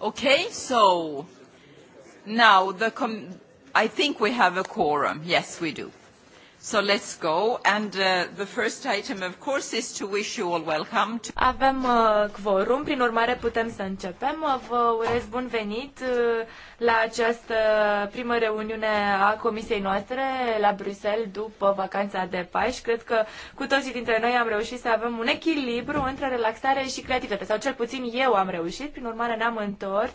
Okay, so now the com I think we have a quorum. Yes, we do. So let's go. And uh, the first item, of course, is to wish you all welcome. To... Avem uh, quorum, prin urmare putem să începem. Uh, vă urez bun venit uh, la această primă reuniune a comisiei noastre la Bruxelles după vacanța de Paști. Cred că cu toții dintre noi am reușit să avem un echilibru între relaxare și creativitate, sau cel puțin eu am reușit, prin urmare ne-am întors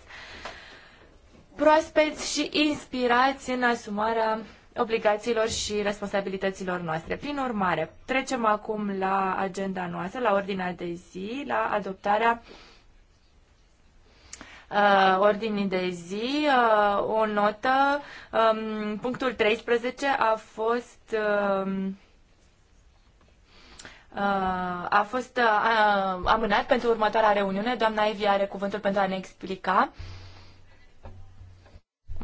proaspeți și inspirați în asumarea obligațiilor și responsabilităților noastre. Prin urmare, trecem acum la agenda noastră, la ordinea de zi, la adoptarea uh, ordinii de zi. Uh, o notă, um, punctul 13 a fost... Um, uh, a fost uh, amânat pentru următoarea reuniune. Doamna Evi are cuvântul pentru a ne explica. Uh,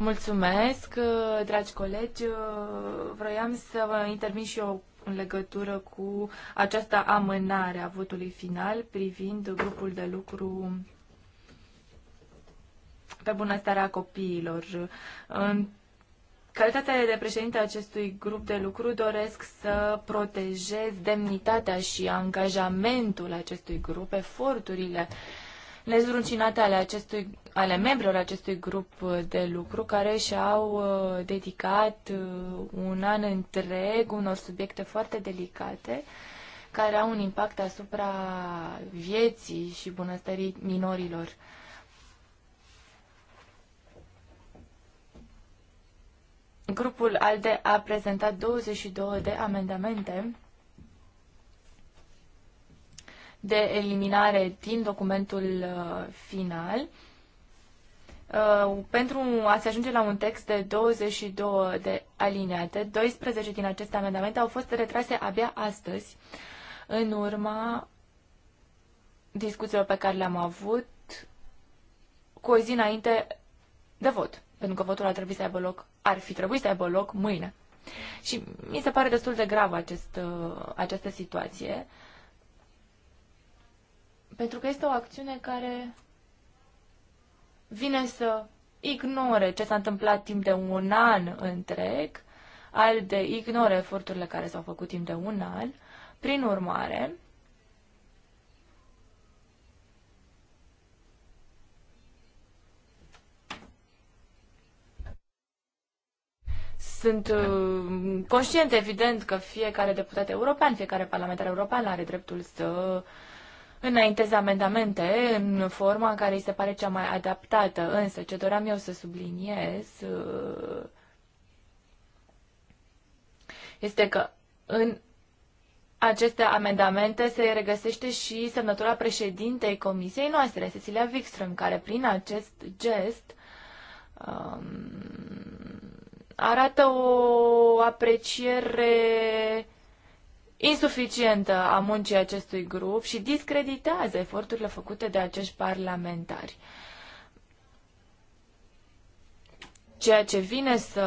Mulțumesc, dragi colegi. Vroiam să intervin și eu în legătură cu această amânare a votului final privind grupul de lucru pe bunăstarea copiilor. În calitatea de președinte acestui grup de lucru doresc să protejez demnitatea și angajamentul acestui grup, eforturile uh, nezruncinate ale, acestui, ale membrilor acestui grup de lucru care și-au uh, dedicat uh, un an întreg unor subiecte foarte delicate care au un impact asupra vieții și bunăstării minorilor. Grupul ALDE a prezentat 22 de amendamente de eliminare din documentul uh, final. Uh, pentru a se ajunge la un text de 22 de alineate, 12 din aceste amendamente au fost retrase abia astăzi, în urma discuțiilor pe care le-am avut cu o zi înainte de vot, pentru că votul ar trebui să aibă loc, ar fi trebuit să aibă loc mâine. Și mi se pare destul de grav acest, uh, această situație. Uh, pentru că este o acțiune care vine să ignore ce s-a întâmplat timp de un an întreg, al de ignore eforturile care s-au făcut timp de un an. Prin urmare, sunt uh, conștient, evident, că fiecare deputat european, fiecare parlamentar european are dreptul să înaintez amendamente în forma care îi se pare cea mai adaptată. Însă, ce doream eu să subliniez uh, este că în aceste amendamente se regăsește și semnătura președintei comisiei noastre, Cecilia Wikström, care prin acest gest um, arată o apreciere insuficientă a muncii acestui grup și discreditează eforturile făcute de acești parlamentari. Ceea ce vine să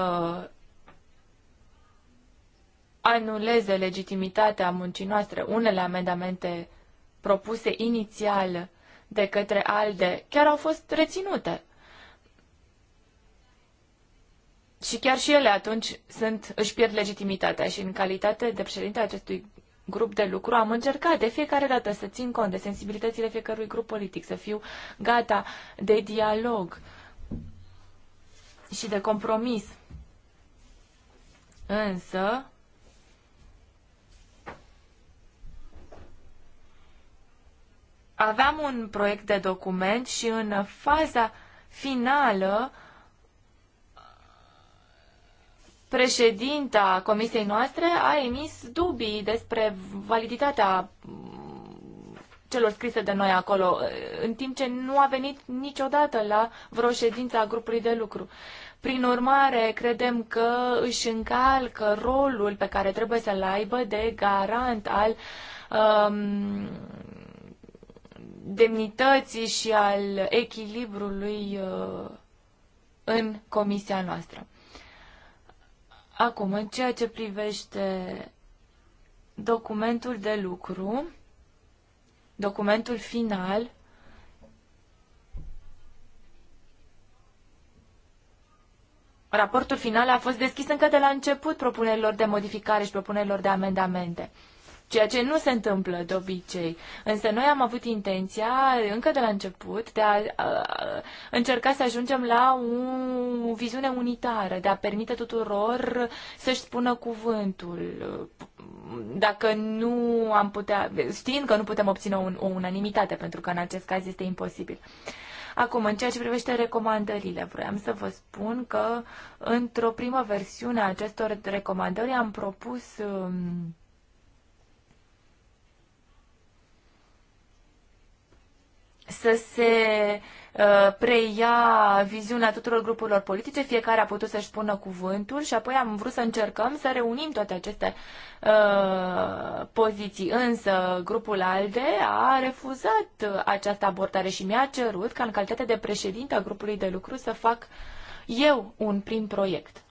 anuleze legitimitatea muncii noastre, unele amendamente propuse inițial de către ALDE chiar au fost reținute și chiar și ele atunci sunt, își pierd legitimitatea și în calitate de președinte a acestui grup de lucru am încercat de fiecare dată să țin cont de sensibilitățile fiecărui grup politic, să fiu gata de dialog și de compromis. Însă, aveam un proiect de document și în faza finală președinta comisiei noastre a emis dubii despre validitatea mm, celor scrise de noi acolo, în timp ce nu a venit niciodată la vreo ședință a grupului de lucru. Prin urmare, credem că își încalcă rolul pe care trebuie să-l aibă de garant al um, demnității și al echilibrului uh, în comisia noastră. Acum, în ceea ce privește documentul de lucru, documentul final, Raportul final a fost deschis încă de la început propunerilor de modificare și propunerilor de amendamente ceea ce nu se întâmplă de obicei. Însă noi am avut intenția, încă de la început, de a, a, a încerca să ajungem la o viziune unitară, de a permite tuturor să-și spună cuvântul. Dacă nu am putea, știind că nu putem obține o unanimitate, pentru că în acest caz este imposibil. Acum, în ceea ce privește recomandările, vreau să vă spun că într-o primă versiune a acestor recomandări am propus um, să se uh, preia viziunea tuturor grupurilor politice, fiecare a putut să-și spună cuvântul și apoi am vrut să încercăm să reunim toate aceste uh, poziții. Însă grupul ALDE a refuzat această abordare și mi-a cerut ca în calitate de președinte a grupului de lucru să fac eu un prim proiect.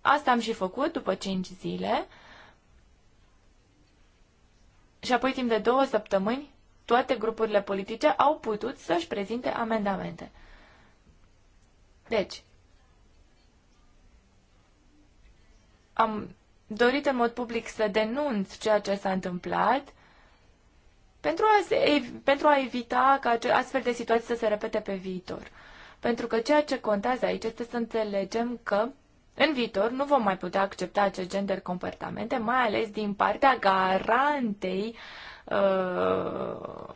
Asta am și făcut după 5 zile și apoi timp de două săptămâni toate grupurile politice au putut să-și prezinte amendamente. Deci, am dorit în mod public să denunț ceea ce s-a întâmplat pentru a, se, pentru a evita ca astfel de situații să se repete pe viitor. Pentru că ceea ce contează aici este să înțelegem că în viitor nu vom mai putea accepta acest gen de comportamente, mai ales din partea garantei uh, Uh,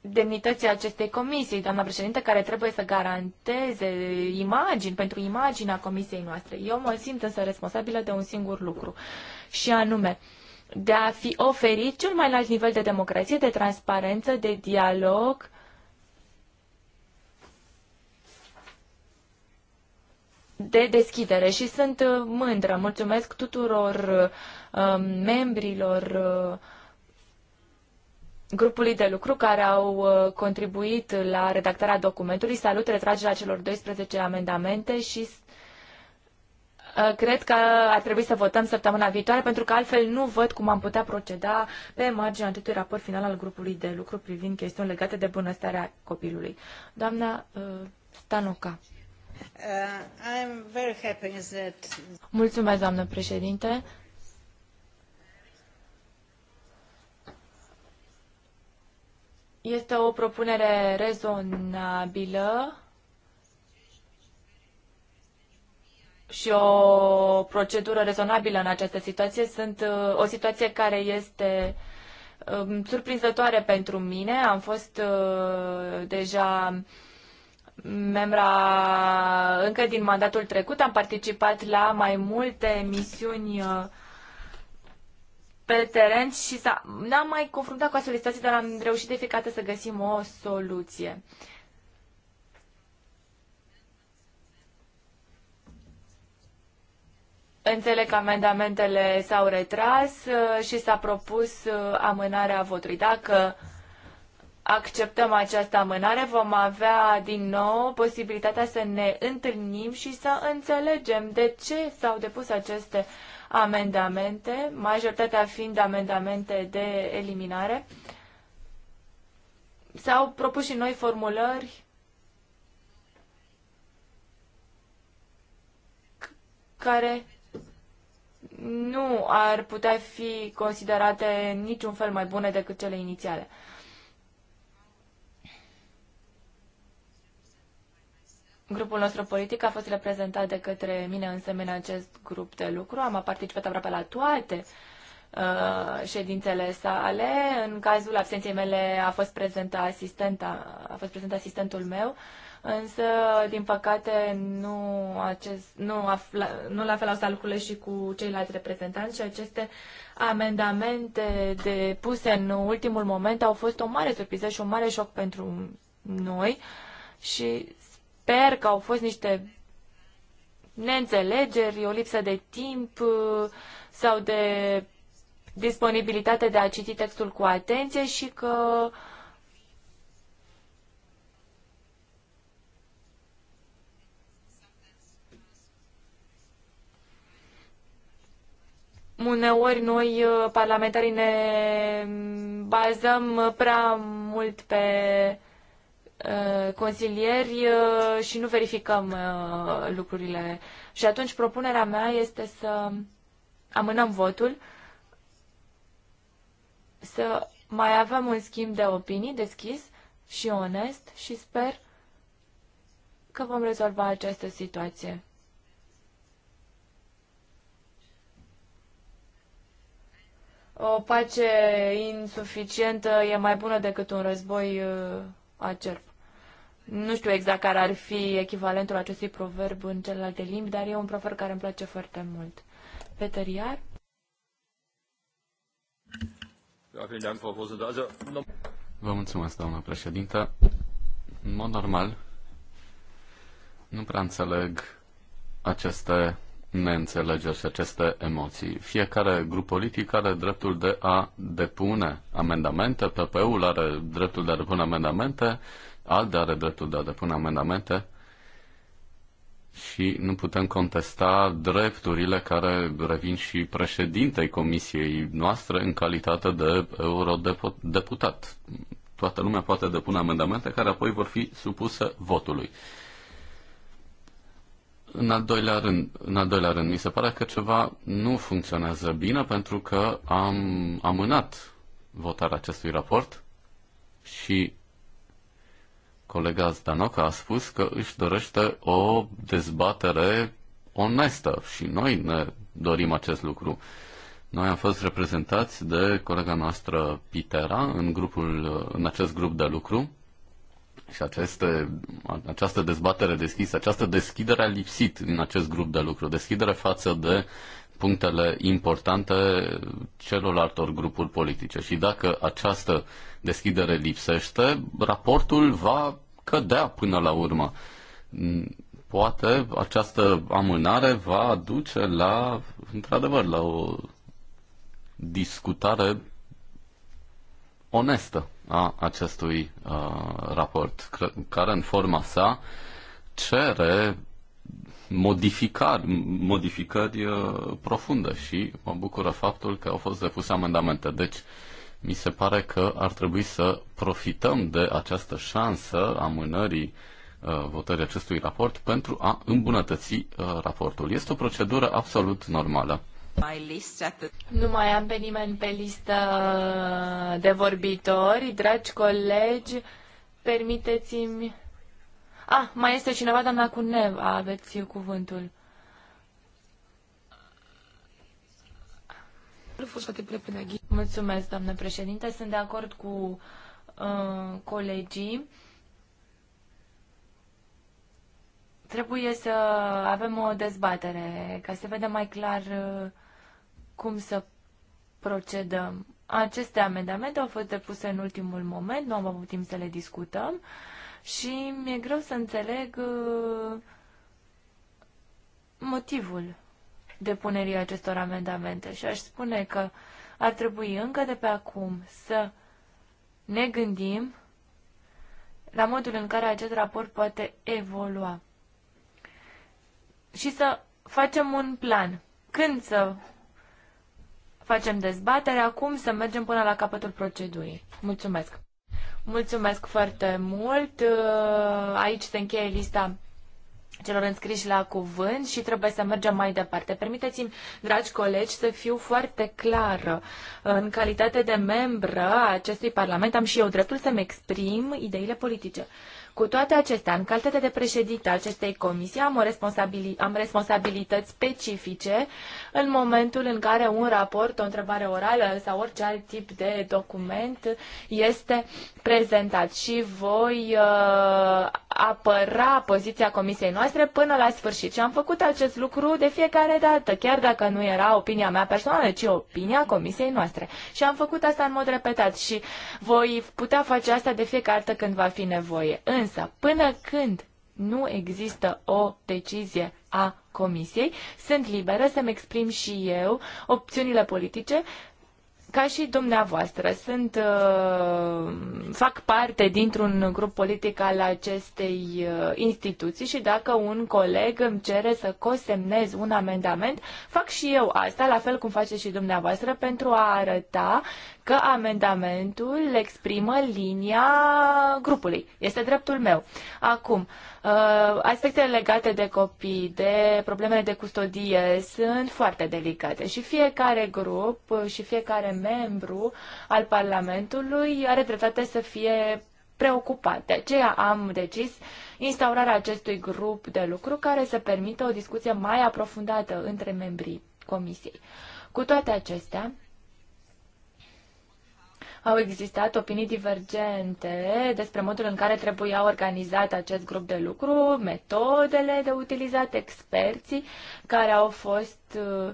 demnității acestei comisii, doamna președinte, care trebuie să garanteze imagini pentru imaginea comisiei noastre. Eu mă simt însă responsabilă de un singur lucru și anume de a fi oferit cel mai înalt nivel de democrație, de transparență, de dialog de deschidere și sunt mândră. Mulțumesc tuturor uh, membrilor uh, grupului de lucru care au uh, contribuit la redactarea documentului. Salut retragerea celor 12 amendamente și uh, cred că ar trebui să votăm săptămâna viitoare, pentru că altfel nu văd cum am putea proceda pe marginea acestui raport final al grupului de lucru privind chestiuni legate de bunăstarea copilului. Doamna uh, Stanoca. Uh, Mulțumesc, doamnă președinte. Este o propunere rezonabilă și o procedură rezonabilă în această situație. Sunt uh, o situație care este um, surprinzătoare pentru mine. Am fost uh, deja membra încă din mandatul trecut, am participat la mai multe misiuni uh, pe teren și n-am mai confruntat cu astfel de situații, dar am reușit de fiecare să găsim o soluție. Înțeleg că amendamentele s-au retras uh, și s-a propus uh, amânarea votului. Dacă acceptăm această amânare, vom avea din nou posibilitatea să ne întâlnim și să înțelegem de ce s-au depus aceste uh, amendamente, majoritatea fiind amendamente de eliminare. S-au propus și noi formulări care nu ar putea fi considerate niciun fel mai bune decât cele inițiale. Grupul nostru politic a fost reprezentat de către mine însemi acest grup de lucru. Am participat aproape la toate uh, ședințele sale. În cazul absenței mele a fost prezent asistenta, a fost prezent asistentul meu, însă, din păcate, nu, acest, nu, afla, nu la fel au stat lucrurile și cu ceilalți reprezentanți și aceste amendamente depuse în ultimul moment au fost o mare surpriză și un mare șoc pentru noi și sper că au fost niște neînțelegeri, o lipsă de timp uh, sau de disponibilitate de a citi textul cu atenție și că uneori noi, uh, parlamentarii, ne bazăm prea mult pe Uh, consilieri uh, și nu verificăm uh, lucrurile. Și atunci propunerea mea este să amânăm votul, să mai avem un schimb de opinii deschis și onest și sper că vom rezolva această situație. O pace insuficientă e mai bună decât un război acerb. Nu știu exact care ar fi echivalentul acestui proverb în celelalte limbi, dar e un proverb care îmi place foarte mult. Peter Iar? Da, Vă mulțumesc, doamna președintă. În mod normal, nu prea înțeleg aceste neînțelegeri și aceste emoții. Fiecare grup politic are dreptul de a depune amendamente, PP-ul are dreptul de a depune amendamente, ALDE da, are dreptul de a depune amendamente și nu putem contesta drepturile care revin și președintei comisiei noastre în calitate de eurodeputat. Toată lumea poate depune amendamente care apoi vor fi supuse votului. În al, doilea rând, în al doilea rând, mi se pare că ceva nu funcționează bine pentru că am amânat votarea acestui raport și Colega Zdanoca a spus că își dorește o dezbatere onestă și noi ne dorim acest lucru. Noi am fost reprezentați de colega noastră Pitera în, grupul, în acest grup de lucru și aceste, această dezbatere deschisă, această deschidere a lipsit din acest grup de lucru, deschidere față de punctele importante celorlaltor grupuri politice. Și dacă această deschidere lipsește, raportul va cădea până la urmă. Poate această amânare va duce la, într-adevăr, la o discutare onestă a acestui uh, raport, care în forma sa cere modificări, modificări uh, profunde și mă bucură faptul că au fost depuse amendamente. Deci, uh, mi se pare că ar trebui să profităm de această șansă a mânării uh, votării acestui raport pentru a îmbunătăți uh, raportul. Este o procedură absolut normală. Nu mai am pe nimeni pe listă de vorbitori. Dragi colegi, permiteți-mi... Ah, mai este cineva, doamna Cuneva, aveți cuvântul. Mulțumesc, doamnă președinte. Sunt de acord cu uh, colegii. Trebuie să avem o dezbatere ca să vedem mai clar uh, cum să procedăm. Aceste amendamente au fost depuse în ultimul moment, nu am avut timp să le discutăm și mi-e greu să înțeleg uh, motivul depunerii acestor amendamente și aș spune că ar trebui încă de pe acum să ne gândim la modul în care acest raport poate evolua și să facem un plan. Când să facem dezbaterea, cum să mergem până la capătul procedurii. Mulțumesc! Mulțumesc foarte mult! Aici se încheie lista celor înscriși la cuvânt și trebuie să mergem mai departe. Permiteți-mi, dragi colegi, să fiu foarte clară. În calitate de membră a acestui Parlament am și eu dreptul să-mi exprim ideile politice. Cu toate acestea, în calitate de președinte al acestei comisii, am, o responsabili- am responsabilități specifice în momentul în care un raport, o întrebare orală sau orice alt tip de document este prezentat și voi uh, apăra poziția comisiei noastre până la sfârșit. Și am făcut acest lucru de fiecare dată, chiar dacă nu era opinia mea personală, ci opinia comisiei noastre. Și am făcut asta în mod repetat și voi putea face asta de fiecare dată când va fi nevoie. În Însă, până când nu există o decizie a Comisiei, sunt liberă să-mi exprim și eu opțiunile politice ca și dumneavoastră, sunt, uh, fac parte dintr-un grup politic al acestei uh, instituții și dacă un coleg îmi cere să cosemnez un amendament, fac și eu asta, la fel cum face și dumneavoastră, pentru a arăta că amendamentul exprimă linia grupului. Este dreptul meu. Acum, uh, Uh, aspectele legate de copii, de problemele de custodie sunt foarte delicate și fiecare grup și fiecare membru al Parlamentului are dreptate să fie preocupat. De aceea am decis instaurarea acestui grup de lucru care să permită o discuție mai aprofundată între membrii Comisiei. Cu toate acestea, au existat opinii divergente despre modul în care trebuia organizat acest grup de lucru, metodele de utilizat, experții care au fost uh,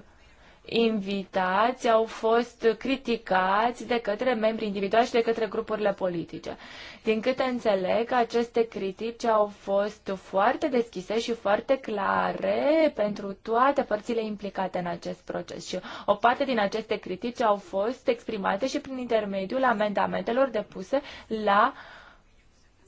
invitați au fost criticați de către membri individuali și de către grupurile politice. Din câte înțeleg, aceste critici au fost foarte deschise și foarte clare pentru toate părțile implicate în acest proces și o parte din aceste critici au fost exprimate și prin intermediul amendamentelor depuse la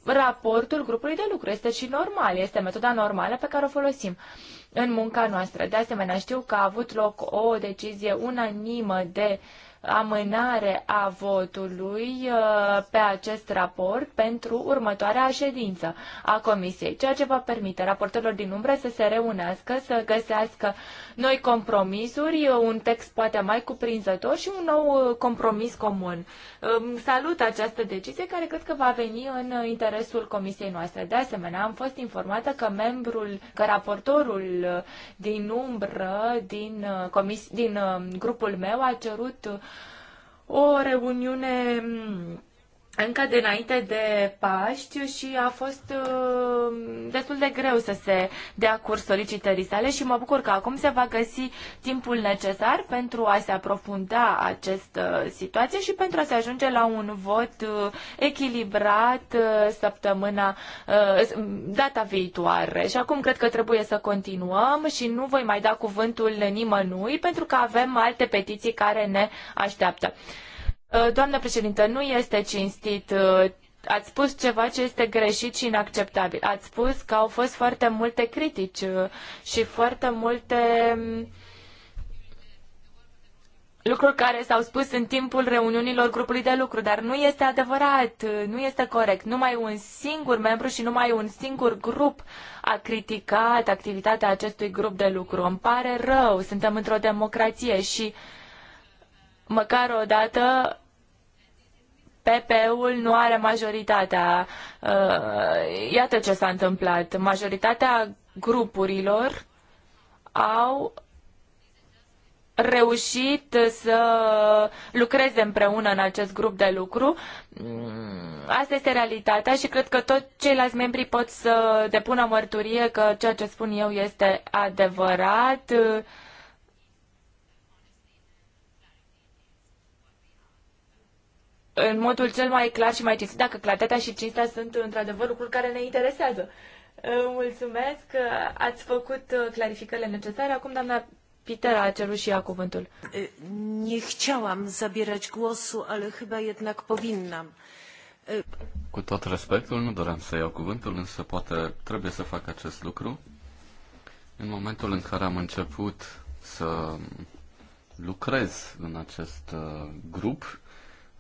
raportul grupului de lucru. Este și normal, este metoda normală pe care o folosim. Uh, în munca noastră. De asemenea, știu că a avut loc o decizie unanimă de amânare a votului uh, pe acest raport pentru următoarea ședință a Comisiei, ceea ce va permite raportorilor din umbră să se reunească, să găsească noi compromisuri, uh, un text poate mai cuprinzător și un nou uh, compromis comun. Um, salut această decizie care cred că va veni în interesul Comisiei noastre. De asemenea, am fost informată că membrul, că raportorul din umbră, din, comis, din grupul meu a cerut o reuniune mm, încă de înainte de Paști și a fost uh, destul de greu să se dea curs solicitării sale și mă bucur că acum se va găsi timpul necesar pentru a se aprofunda această situație și pentru a se ajunge la un vot uh, echilibrat uh, săptămâna, uh, data viitoare. Și acum cred că trebuie să continuăm și nu voi mai da cuvântul nimănui pentru că avem alte petiții care ne așteaptă. Uh, doamnă președintă, nu este cinstit. Uh, ați spus ceva ce este greșit și inacceptabil. Ați spus că au fost foarte multe critici uh, și foarte multe um, lucruri care s-au spus în timpul reuniunilor grupului de lucru, dar nu este adevărat, nu este corect. Numai un singur membru și numai un singur grup a criticat activitatea acestui grup de lucru. Îmi pare rău, suntem într-o democrație și măcar o dată PP-ul nu are majoritatea. Uh, iată ce s-a întâmplat. Majoritatea grupurilor au reușit să lucreze împreună în acest grup de lucru. Mm, asta este realitatea și cred că toți ceilalți membri pot să depună mărturie că ceea ce spun eu este adevărat. Uh, în modul cel mai clar și mai cinstit, dacă claritatea și cinstea sunt într-adevăr lucruri care ne interesează. Mulțumesc că ați făcut uh, clarificările necesare. Acum, doamna Pitera a cerut și ea cuvântul. Nie chciałam zabierać głosu, ale chyba jednak powinnam. Cu tot respectul, nu doream să iau cuvântul, însă poate trebuie să fac acest lucru. În momentul în care am început să lucrez în acest uh, grup,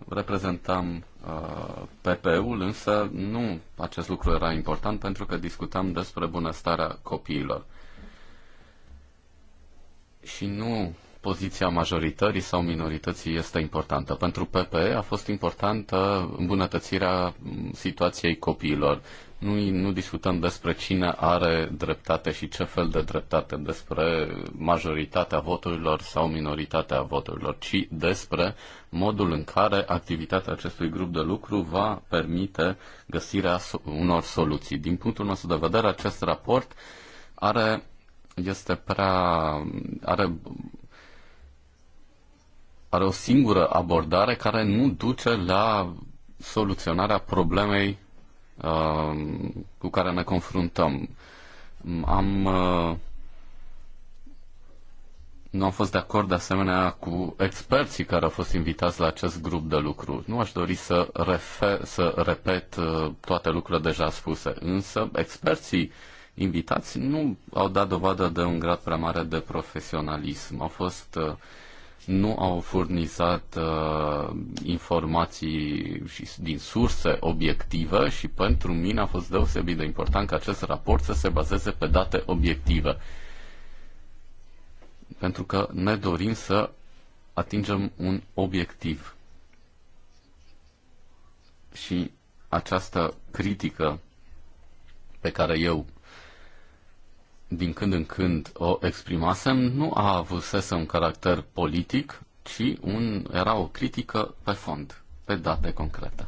reprezentam uh, PP-ul, însă nu acest lucru era important pentru că discutam despre bunăstarea copiilor. Și nu poziția majoritării sau minorității este importantă. Pentru PPE a fost importantă îmbunătățirea situației copiilor. Nu, nu discutăm despre cine are dreptate și ce fel de dreptate, despre majoritatea voturilor sau minoritatea voturilor, ci despre modul în care activitatea acestui grup de lucru va permite găsirea unor soluții. Din punctul nostru de vedere, acest raport are este prea are are o singură abordare care nu duce la soluționarea problemei uh, cu care ne confruntăm. Am, uh, nu am fost de acord de asemenea cu experții care au fost invitați la acest grup de lucru. Nu aș dori să, refer, să repet uh, toate lucrurile deja spuse, însă experții invitați nu au dat dovadă de un grad prea mare de profesionalism. Au fost uh, nu au furnizat uh, informații și din surse obiective și pentru mine a fost deosebit de important ca acest raport să se bazeze pe date obiective. Pentru că ne dorim să atingem un obiectiv. Și această critică pe care eu din când în când o exprimasem, nu a avusese un caracter politic, ci un, era o critică pe fond, pe date concrete.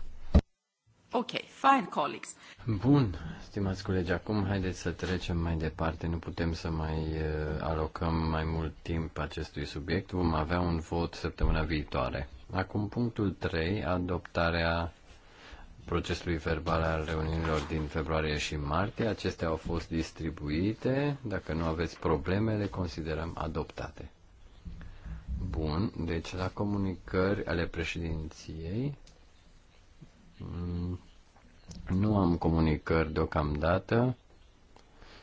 Ok, fine, colleagues. Bun, stimați colegi, acum haideți să trecem mai departe. Nu putem să mai uh, alocăm mai mult timp acestui subiect. Vom avea un vot săptămâna viitoare. Acum punctul 3, adoptarea procesului verbal al reuniunilor din februarie și martie. Acestea au fost distribuite. Dacă nu aveți probleme, le considerăm adoptate. Bun, deci la comunicări ale președinției mm, nu am comunicări deocamdată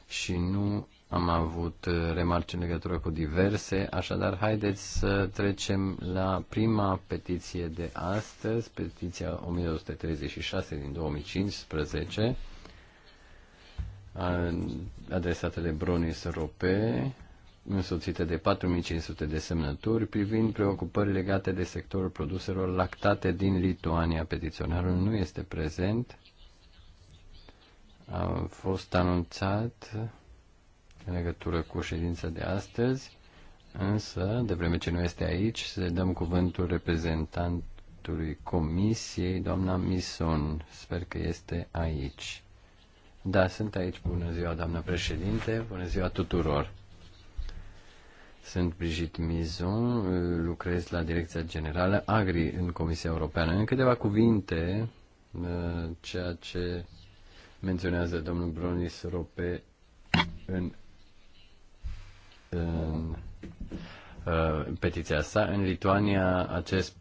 și nu am avut uh, remarci în legătură cu diverse, așadar haideți să trecem la prima petiție de astăzi, petiția 1236 din 2015, adresată de Bronis Rope, însoțită de 4500 de semnături privind preocupări legate de sectorul produselor lactate din Lituania. Petiționarul nu este prezent. A fost anunțat în legătură cu ședința de astăzi, însă, de vreme ce nu este aici, să dăm cuvântul reprezentantului comisiei, doamna Mison. Sper că este aici. Da, sunt aici. Bună ziua, doamnă președinte. Bună ziua tuturor. Sunt Brigitte Mizon, lucrez la Direcția Generală Agri în Comisia Europeană. În câteva cuvinte, uh, ceea ce menționează domnul Bronis Rope în în petiția sa. În Lituania acest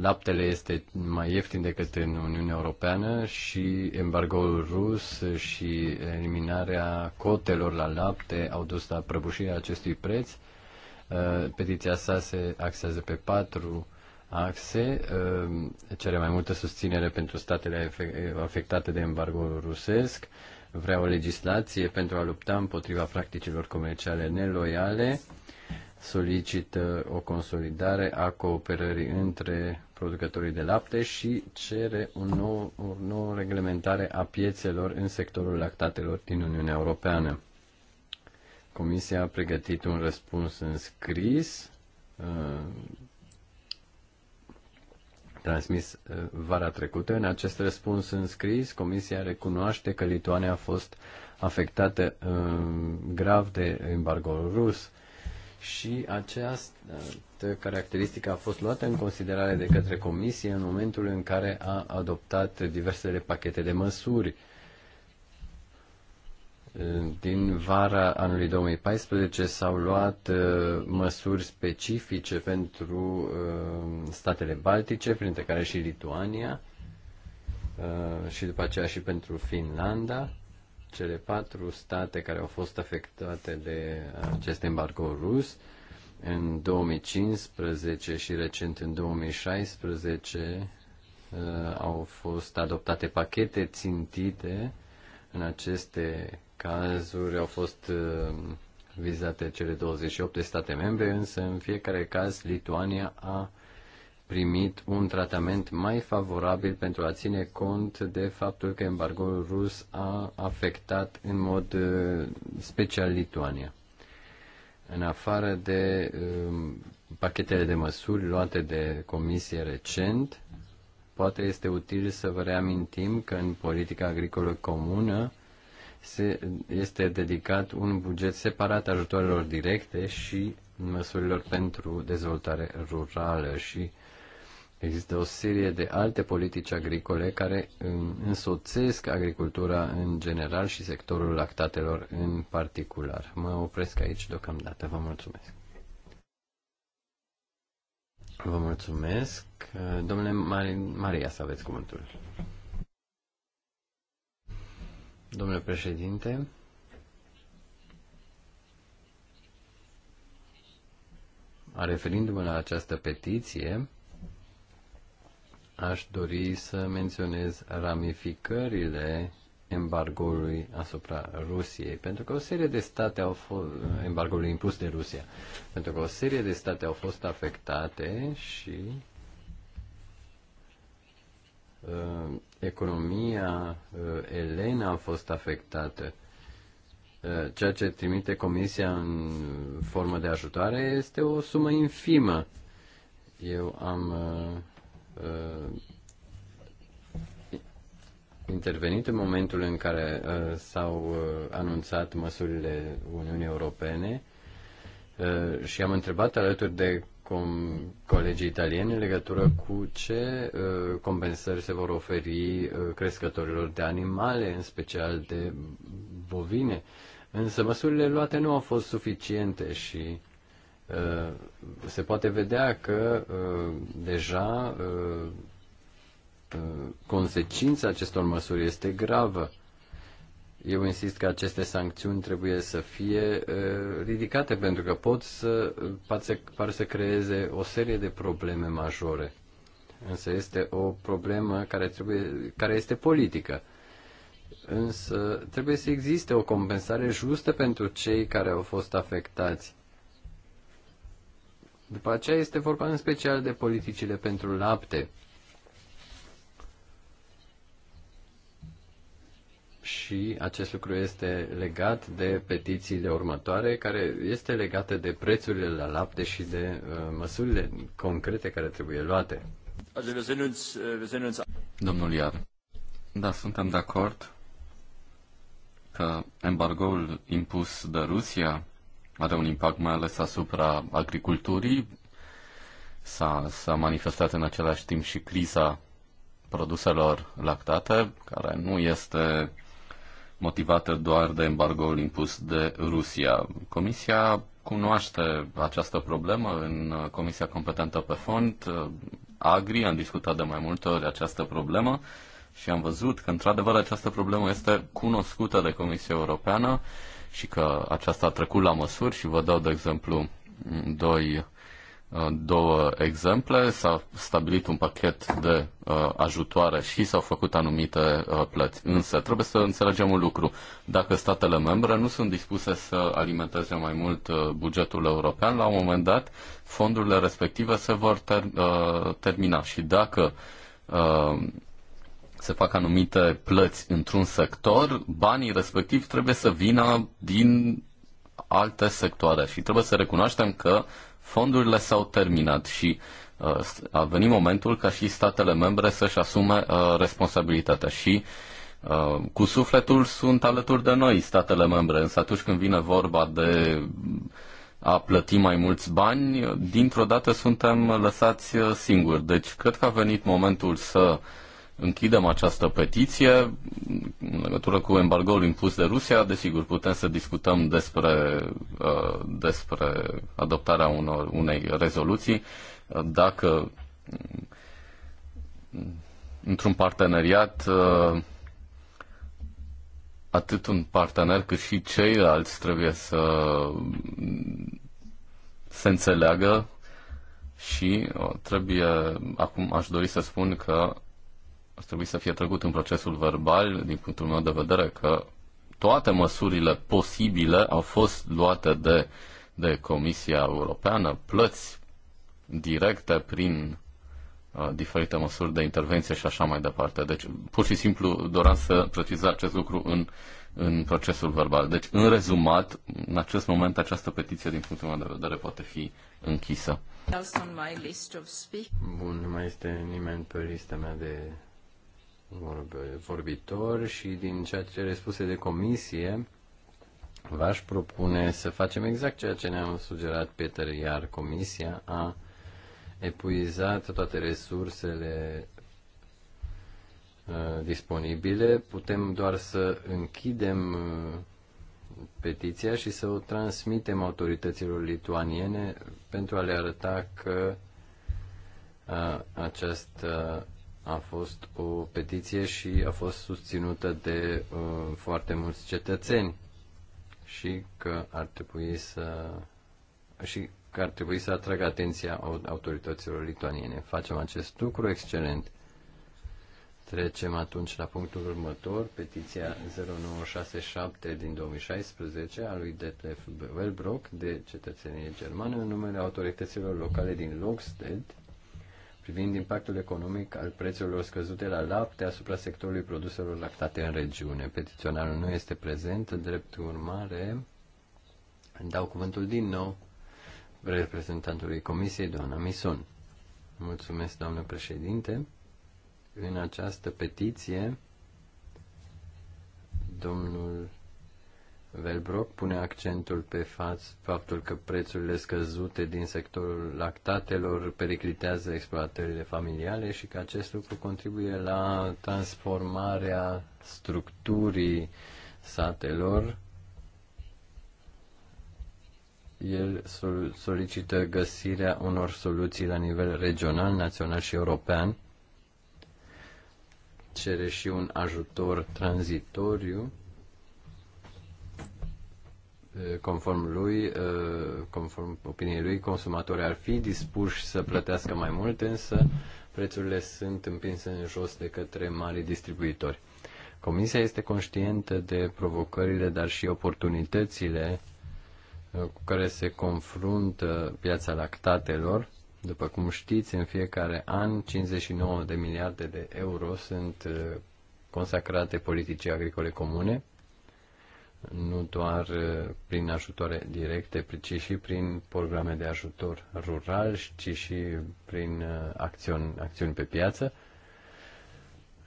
laptele este mai ieftin decât în Uniunea Europeană și embargoul rus și eliminarea cotelor la lapte au dus la prăbușirea acestui preț. Uh, petiția sa se axează pe patru axe, uh, cere mai multă susținere pentru statele afectate de embargoul rusesc, vrea o legislație pentru a lupta împotriva practicilor comerciale neloiale, solicită o consolidare a cooperării între producătorii de lapte și cere un nou, o nouă reglementare a piețelor în sectorul lactatelor din Uniunea Europeană. Comisia a pregătit un răspuns în scris uh, transmis uh, vara trecută. În acest răspuns înscris, Comisia recunoaște că Lituania a fost afectată uh, grav de embargoul rus și această caracteristică a fost luată în considerare de către Comisie în momentul în care a adoptat diversele pachete de măsuri din vara anului 2014 s-au luat uh, măsuri specifice pentru uh, statele baltice, printre care și Lituania uh, și după aceea și pentru Finlanda, cele patru state care au fost afectate de acest embargo rus în 2015 și recent în 2016 au fost adoptate pachete țintite în aceste cazuri au fost uh, vizate cele 28 de state membre, însă în fiecare caz Lituania a primit un tratament mai favorabil pentru a ține cont de faptul că embargoul rus a afectat în mod uh, special Lituania. În afară de um, pachetele de măsuri luate de comisie recent, poate este util să vă reamintim că în politica agricolă comună se, este dedicat un buget separat ajutoarelor directe și măsurilor pentru dezvoltare rurală și există o serie de alte politici agricole care însoțesc agricultura în general și sectorul lactatelor în particular. Mă opresc aici deocamdată. Vă mulțumesc. Vă mulțumesc. Domnule Maria, să aveți cuvântul. Domnule președinte, referindu-mă la această petiție, aș dori să menționez ramificările embargoului asupra Rusiei, pentru că o serie de state au fost embargoului impus de Rusia, pentru că o serie de state au fost afectate și uh, economia uh, elena a fost afectată. Uh, ceea ce trimite Comisia în formă de ajutoare este o sumă infimă. Eu am uh, intervenit în momentul în care uh, s-au uh, anunțat măsurile Uniunii Europene uh, și am întrebat alături de cum colegii italieni în legătură cu ce uh, compensări se vor oferi uh, crescătorilor de animale, în special de bovine. Însă măsurile luate nu au fost suficiente și uh, se poate vedea că deja consecința acestor măsuri este gravă. Eu insist că aceste sancțiuni trebuie să fie uh, ridicate pentru că pot să, par să, par să creeze o serie de probleme majore. Însă este o problemă care, trebuie, care este politică. Însă trebuie să existe o compensare justă pentru cei care au fost afectați. După aceea este vorba în special de politicile pentru lapte. și acest lucru este legat de petițiile următoare, care este legată de prețurile la lapte și de uh, măsurile concrete care trebuie luate. Äh, Domnul Iar, da, suntem de acord că embargoul impus de Rusia are un impact mai ales asupra agriculturii. S-a, s-a manifestat în același timp și criza produselor lactate, care nu este motivată doar de embargoul impus de Rusia. Comisia cunoaște această problemă în Comisia Competentă pe Fond. Agri am discutat de mai multe ori această problemă și am văzut că, într-adevăr, această problemă este cunoscută de Comisia Europeană și că aceasta a trecut la măsuri și vă dau, de exemplu, doi două exemple. S-a stabilit un pachet de uh, ajutoare și s-au făcut anumite uh, plăți. Însă trebuie să înțelegem un lucru. Dacă statele membre nu sunt dispuse să alimenteze mai mult uh, bugetul european, la un moment dat fondurile respective se vor ter- uh, termina. Și dacă uh, se fac anumite plăți într-un sector, banii respectivi trebuie să vină din alte sectoare și trebuie să recunoaștem că uh, fondurile s-au terminat și uh, a venit momentul ca și statele membre să-și asume uh, responsabilitatea și uh, cu sufletul sunt alături de noi statele membre, însă atunci când vine vorba de a plăti mai mulți bani, dintr-o dată suntem lăsați singuri. Deci cred că a venit momentul să uh, închidem această petiție în legătură cu embargoul impus de Rusia. Desigur, putem să discutăm despre, uh, despre adoptarea unor, unei rezoluții. Uh, dacă mm, într-un parteneriat uh, atât un partener cât și ceilalți trebuie să mm, se înțeleagă și uh, trebuie, acum aș dori să spun că ar trebui să fie trecut în procesul verbal, din punctul meu de vedere, că toate măsurile posibile au fost luate de, de Comisia Europeană, plăți directe prin uh, diferite măsuri de intervenție și așa mai departe. Deci, pur și simplu doream să precizez acest lucru în, în procesul verbal. Deci, în rezumat, în acest moment, această petiție, din punctul meu de vedere, poate fi închisă. Bun, nu mai este nimeni pe lista mea de vorbitor și din ceea ce cele spuse de comisie, v-aș propune să facem exact ceea ce ne-am sugerat Peter, iar comisia a epuizat toate resursele uh, disponibile, putem doar să închidem uh, petiția și să o transmitem autorităților lituaniene pentru a le arăta că uh, această a fost o petiție și a fost susținută de uh, foarte mulți cetățeni și că ar trebui să și că ar trebui să atragă atenția autorităților lituaniene. Facem acest lucru excelent. Trecem atunci la punctul următor, petiția 0967 din 2016 a lui Detlef Wellbrock de cetățenie germană în numele autorităților locale din Logsted, privind impactul economic al prețurilor scăzute la lapte asupra sectorului produselor lactate în regiune. Petiționarul nu este prezent, drept urmare dau cuvântul din nou reprezentantului Comisiei, doamna Mison. Mulțumesc, doamnă președinte. În această petiție, domnul Velbrock pune accentul pe faț, faptul că prețurile scăzute din sectorul lactatelor periclitează exploatările familiale și că acest lucru contribuie la transformarea structurii satelor. El solicită găsirea unor soluții la nivel regional, național și european. Cere și un ajutor tranzitoriu conform lui, uh, conform opiniei lui, consumatorii ar fi dispuși să plătească mai mult, însă prețurile sunt împinse în jos de către mari distribuitori. Comisia este conștientă de provocările, dar și oportunitățile uh, cu care se confruntă piața lactatelor. După cum știți, în fiecare an 59 de miliarde de euro sunt uh, consacrate politicii agricole comune, nu doar uh, prin ajutoare directe, ci și prin programe de ajutor rural, ci și prin uh, acțiuni, acțiuni pe piață.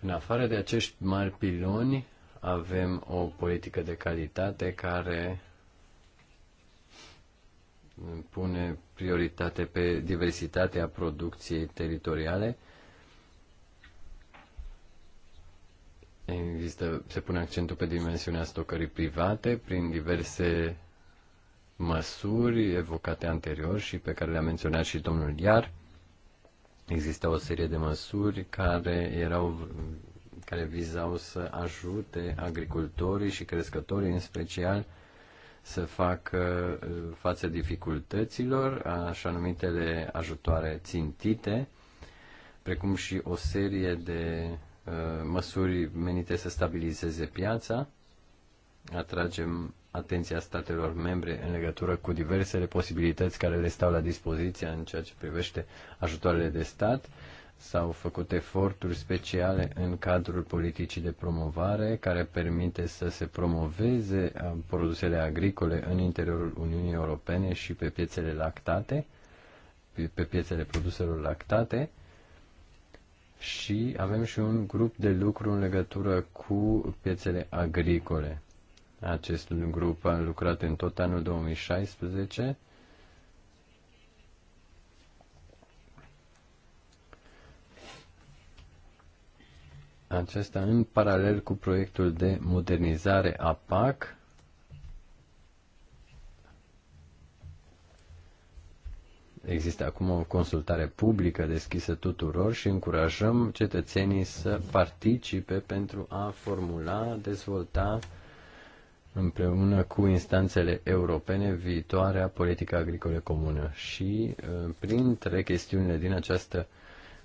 În afară de acești mari piloni, avem o politică de calitate care pune prioritate pe diversitatea producției teritoriale Există, se pune accentul pe dimensiunea stocării private prin diverse măsuri evocate anterior și pe care le-a menționat și domnul Iar. Există o serie de măsuri care erau care vizau să ajute agricultorii și crescătorii în special să facă uh, față dificultăților, așa numitele ajutoare țintite, precum și o serie de Uh, măsuri menite să stabilizeze piața. Atragem atenția statelor membre în legătură cu diversele posibilități care le stau la dispoziție în ceea ce privește ajutoarele de stat. S-au făcut eforturi speciale în cadrul politicii de promovare care permite să se promoveze uh, produsele agricole în interiorul Uniunii Europene și pe piețele lactate, pe piețele produselor lactate și avem și un grup de lucru în legătură cu piețele agricole. Acest grup a lucrat în tot anul 2016 acesta în paralel cu proiectul de modernizare a PAC Există acum o consultare publică deschisă tuturor și încurajăm cetățenii să participe pentru a formula, dezvolta împreună cu instanțele europene viitoarea politică agricolă comună. Și uh, printre chestiunile din această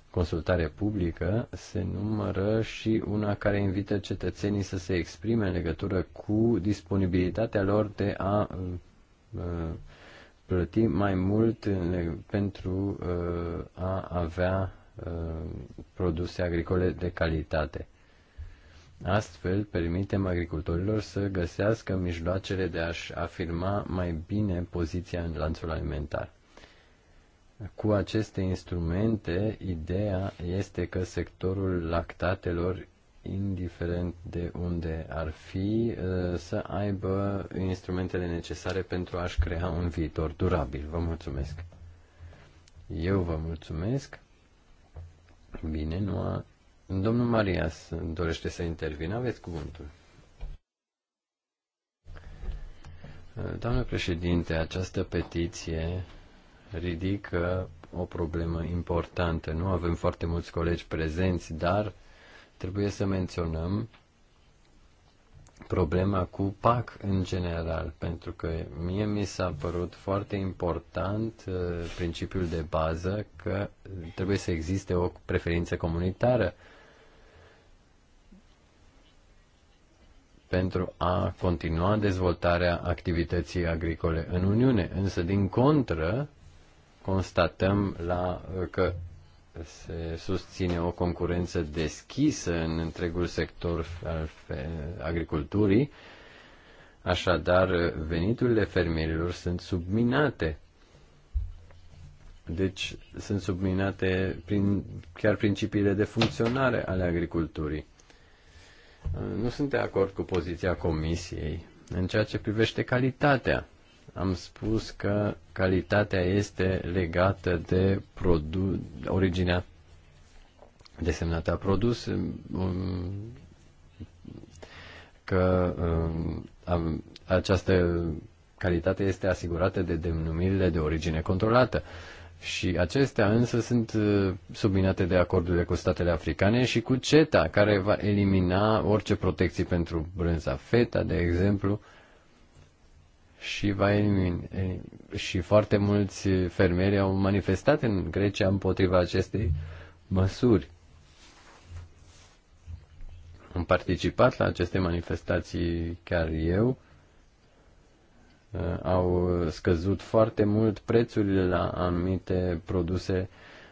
consultare publică se numără și una care invită cetățenii să se exprime în legătură cu disponibilitatea lor de a uh, uh, plăti mai mult pentru uh, a avea uh, produse agricole de calitate. Astfel, permitem agricultorilor să găsească mijloacele de a-și afirma mai bine poziția în lanțul alimentar. Cu aceste instrumente, ideea este că sectorul lactatelor indiferent de unde ar fi, uh, să aibă instrumentele necesare pentru a-și crea un viitor durabil. Vă mulțumesc. Eu vă mulțumesc. Bine, nu a... Domnul Marias dorește să intervină. Aveți cuvântul. Uh, doamnă președinte, această petiție ridică o problemă importantă. Nu avem foarte mulți colegi prezenți, dar Trebuie să menționăm problema cu PAC în general, pentru că mie mi s-a părut foarte important uh, principiul de bază că trebuie să existe o preferință comunitară pentru a continua dezvoltarea activității agricole în Uniune. Însă, din contră, constatăm la, uh, că se susține o concurență deschisă în întregul sector al agriculturii, așadar veniturile fermierilor sunt subminate. Deci sunt subminate prin, chiar principiile de funcționare ale agriculturii. Nu sunt de acord cu poziția Comisiei în ceea ce privește calitatea am spus că calitatea este legată de produ- originea desemnată a produs, um, că um, această calitate este asigurată de denumirile de origine controlată. Și acestea însă sunt uh, subminate de acordurile cu statele africane și cu CETA, care va elimina orice protecții pentru brânza feta, de exemplu, și va elimina. Și foarte mulți fermieri au manifestat în Grecia împotriva acestei măsuri. Am participat la aceste manifestații chiar eu. Uh, au scăzut foarte mult prețurile la anumite produse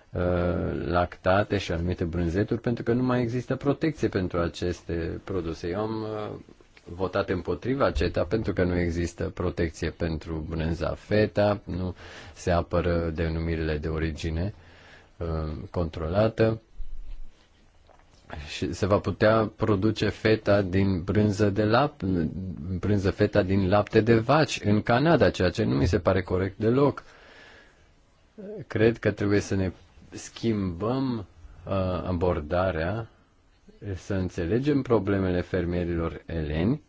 uh, lactate și anumite brânzeturi pentru că nu mai există protecție pentru aceste produse. Eu am uh, votat împotriva CETA pentru că nu există protecție pentru brânza feta, nu se apără denumirile de origine uh, controlată și se va putea produce feta din brânză de lap, brânză feta din lapte de vaci în Canada, ceea ce nu mi se pare corect deloc. Cred că trebuie să ne schimbăm uh, abordarea să înțelegem problemele fermierilor eleni,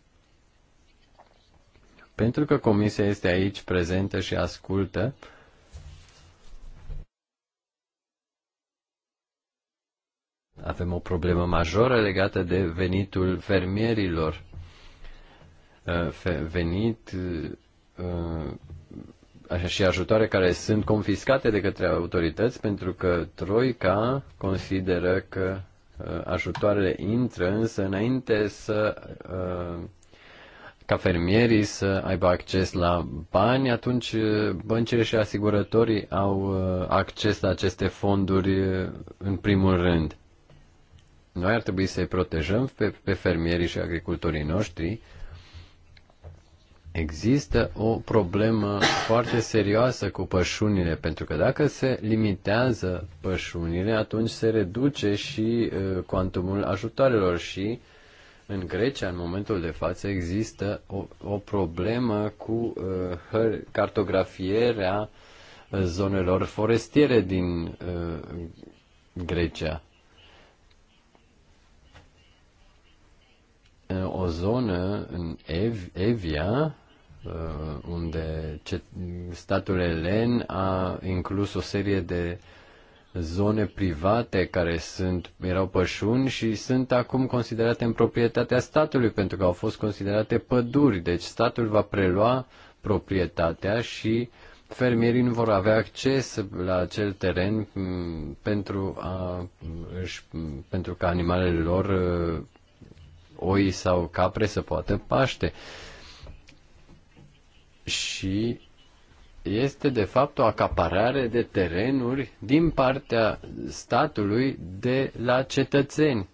pentru că comisia este aici prezentă și ascultă, avem o problemă majoră legată de venitul fermierilor. Uh, venit uh, și ajutoare care sunt confiscate de către autorități pentru că Troica consideră că Uh, ajutoarele intră, însă înainte să uh, ca fermierii să aibă acces la bani, atunci uh, băncile și asigurătorii au acces la aceste fonduri în primul rând. Noi ar trebui să-i protejăm pe, pe fermierii și agricultorii noștri Există o problemă foarte serioasă cu pășunile, pentru că dacă se limitează pășunile, atunci se reduce și uh, cuantumul ajutoarelor și în Grecia, în momentul de față, există o, o problemă cu uh, cartografierea uh, zonelor forestiere din uh, Grecia. Uh, o zonă în Ev- Evia Uh, unde statul elen a inclus o serie de zone private care sunt, erau pășuni și sunt acum considerate în proprietatea statului pentru că au fost considerate păduri. Deci statul va prelua proprietatea și fermierii nu vor avea acces la acel teren mm, pentru, a, mm, mm, pentru ca animalele lor uh, oi sau capre să poată paște și este de fapt o acaparare de terenuri din partea statului de la cetățeni.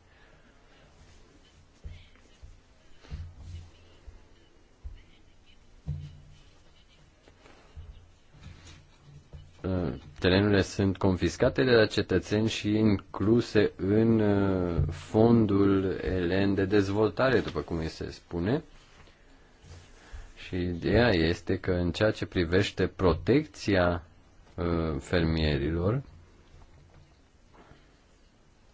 Terenurile sunt confiscate de la cetățeni și incluse în uh, fondul elen de dezvoltare, după cum se spune. Și ideea este că în ceea ce privește protecția uh, fermierilor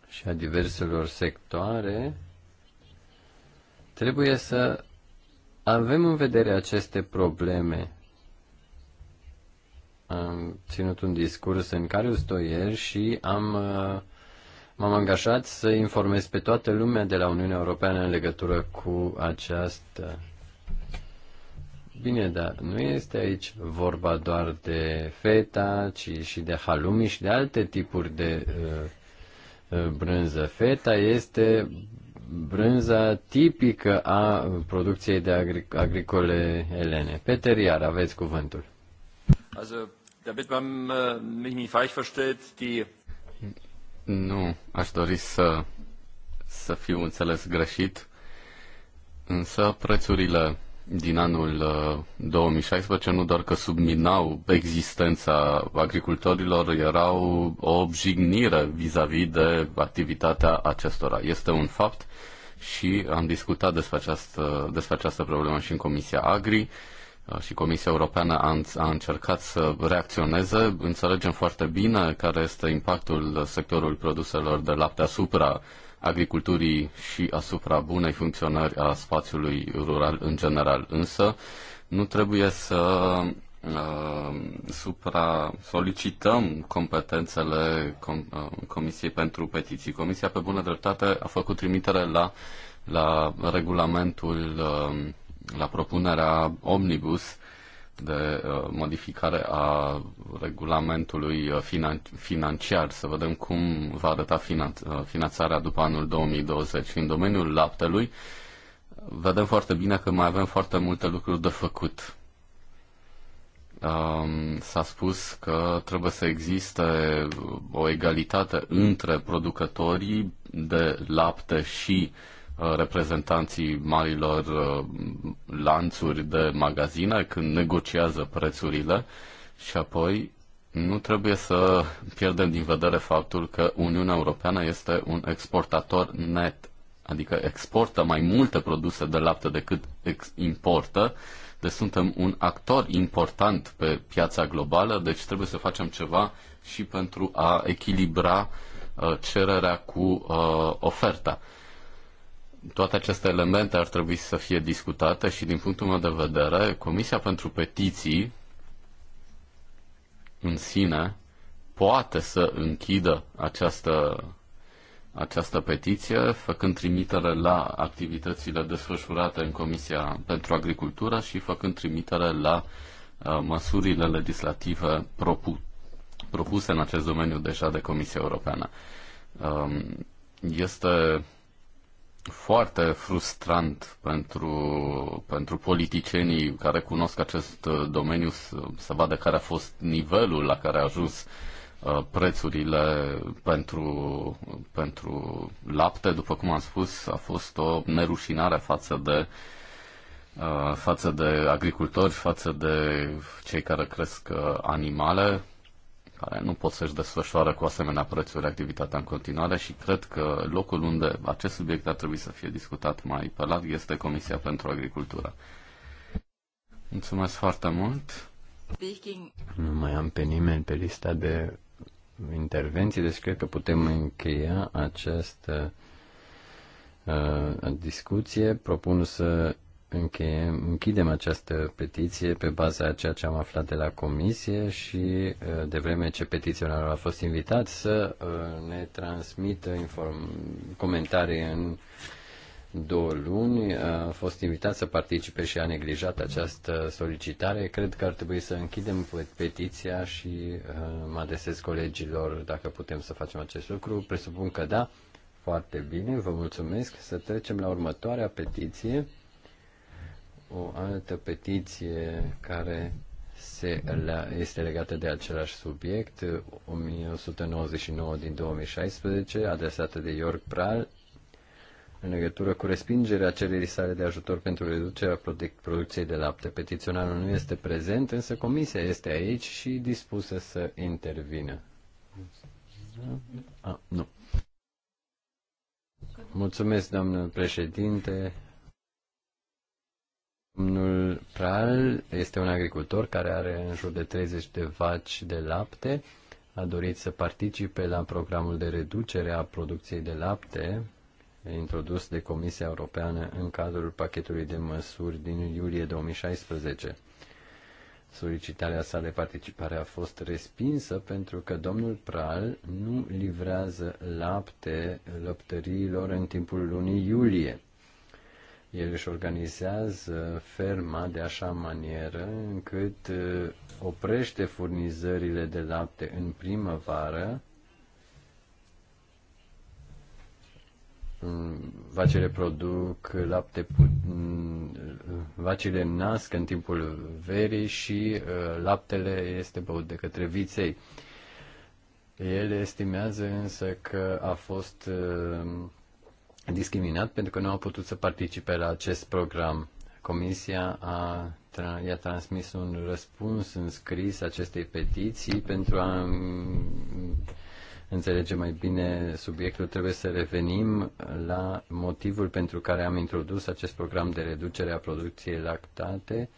și a diverselor sectoare, trebuie să avem în vedere aceste probleme. Am ținut un discurs în care ieri și am, uh, m-am angajat să informez pe toată lumea de la Uniunea Europeană în legătură cu această Bine, dar nu este aici vorba doar de feta, ci și de halumi și de alte tipuri de uh, uh, brânză. Feta este brânza tipică a producției de agric- agricole elene. Peter, iar aveți cuvântul. Also, damit man äh, mich nicht falsch versteht, die... Nu, aș dori să, să fiu înțeles greșit, însă prețurile din anul 2016 uh, nu doar că subminau existența agricultorilor, erau o jignire vis-a-vis de activitatea acestora. Este un fapt și am discutat despre această, despre această problemă și în Comisia Agri uh, și Comisia Europeană a, a încercat să reacționeze. Înțelegem foarte bine care este impactul sectorului produselor de lapte asupra uh, agriculturii și asupra bunei funcționări a spațiului rural în general. Însă, nu trebuie să uh, supra solicităm competențele com, uh, Comisiei pentru Petiții. Comisia, pe bună dreptate, a făcut trimitere la, la regulamentul, uh, la propunerea Omnibus de uh, modificare a regulamentului uh, finan- financiar, să vedem cum va arăta finanț- uh, finanțarea după anul 2020. În domeniul laptelui, vedem foarte bine că mai avem foarte multe lucruri de făcut. Um, s-a spus că trebuie să existe o egalitate între producătorii de lapte și uh, Uh, reprezentanții marilor uh, lanțuri de magazine când negociază prețurile și apoi nu trebuie să pierdem din vedere faptul că Uniunea Europeană este un exportator net, adică exportă mai multe produse de lapte decât importă, deci suntem un actor important pe piața globală, deci trebuie să facem ceva și pentru a echilibra uh, cererea cu oferta toate aceste elemente ar trebui să fie discutate și din punctul meu de vedere, Comisia pentru Petiții în sine poate să închidă această, această petiție, făcând trimitere la activitățile desfășurate în Comisia pentru Agricultură și făcând trimitere la uh, măsurile legislative propu- propuse în acest domeniu deja de Comisia Europeană. Um, este foarte frustrant pentru, pentru politicienii care cunosc acest uh, domeniu să, să vadă care a fost nivelul la care a ajuns uh, prețurile pentru, pentru lapte, după cum am spus, a fost o nerușinare față de uh, față de agricultori, față de cei care cresc animale care nu pot să-și desfășoară cu asemenea prețuri activitatea în continuare și cred că locul unde acest subiect ar trebui să fie discutat mai pe larg este Comisia pentru Agricultură. Mulțumesc foarte mult! Nu mai am pe nimeni pe lista de intervenții, deci cred că putem încheia această uh, discuție. Propun să încheiem, închidem această petiție pe baza a ceea ce am aflat de la comisie și uh, de vreme ce petiționarul a fost invitat să uh, ne transmită inform- comentarii în două luni. Uh, a fost invitat să participe și a neglijat această solicitare. Cred că ar trebui să închidem petiția și mă adresez colegilor dacă putem să facem acest lucru. Presupun că da. Foarte bine, vă mulțumesc. Să trecem la următoarea petiție o altă petiție care se, este legată de același subiect, 1199 din 2016, adresată de York Pral, în legătură cu respingerea cererii sale de ajutor pentru reducerea produc- producției de lapte. Petiționarul nu este prezent, însă comisia este aici și dispusă să intervină. A, ah, nu. Mulțumesc, doamnă președinte. Pral este un agricultor care are în jur de 30 de vaci de lapte. A dorit să participe la programul de reducere a producției de lapte introdus de Comisia Europeană în cadrul pachetului de măsuri din iulie 2016. Solicitarea sa de participare a fost respinsă pentru că domnul Pral nu livrează lapte lăptăriilor în timpul lunii iulie. El își organizează ferma de așa manieră încât uh, oprește furnizările de lapte în primăvară, mm, vacile produc lapte, mm, vacile nasc în timpul verii și uh, laptele este băut de către viței. El estimează însă că a fost uh, discriminat pentru că nu au putut să participe la acest program. Comisia a, i-a transmis un răspuns în scris acestei petiții pentru a înțelege mai bine subiectul. Trebuie să revenim la motivul pentru care am introdus acest program de reducere a producției lactate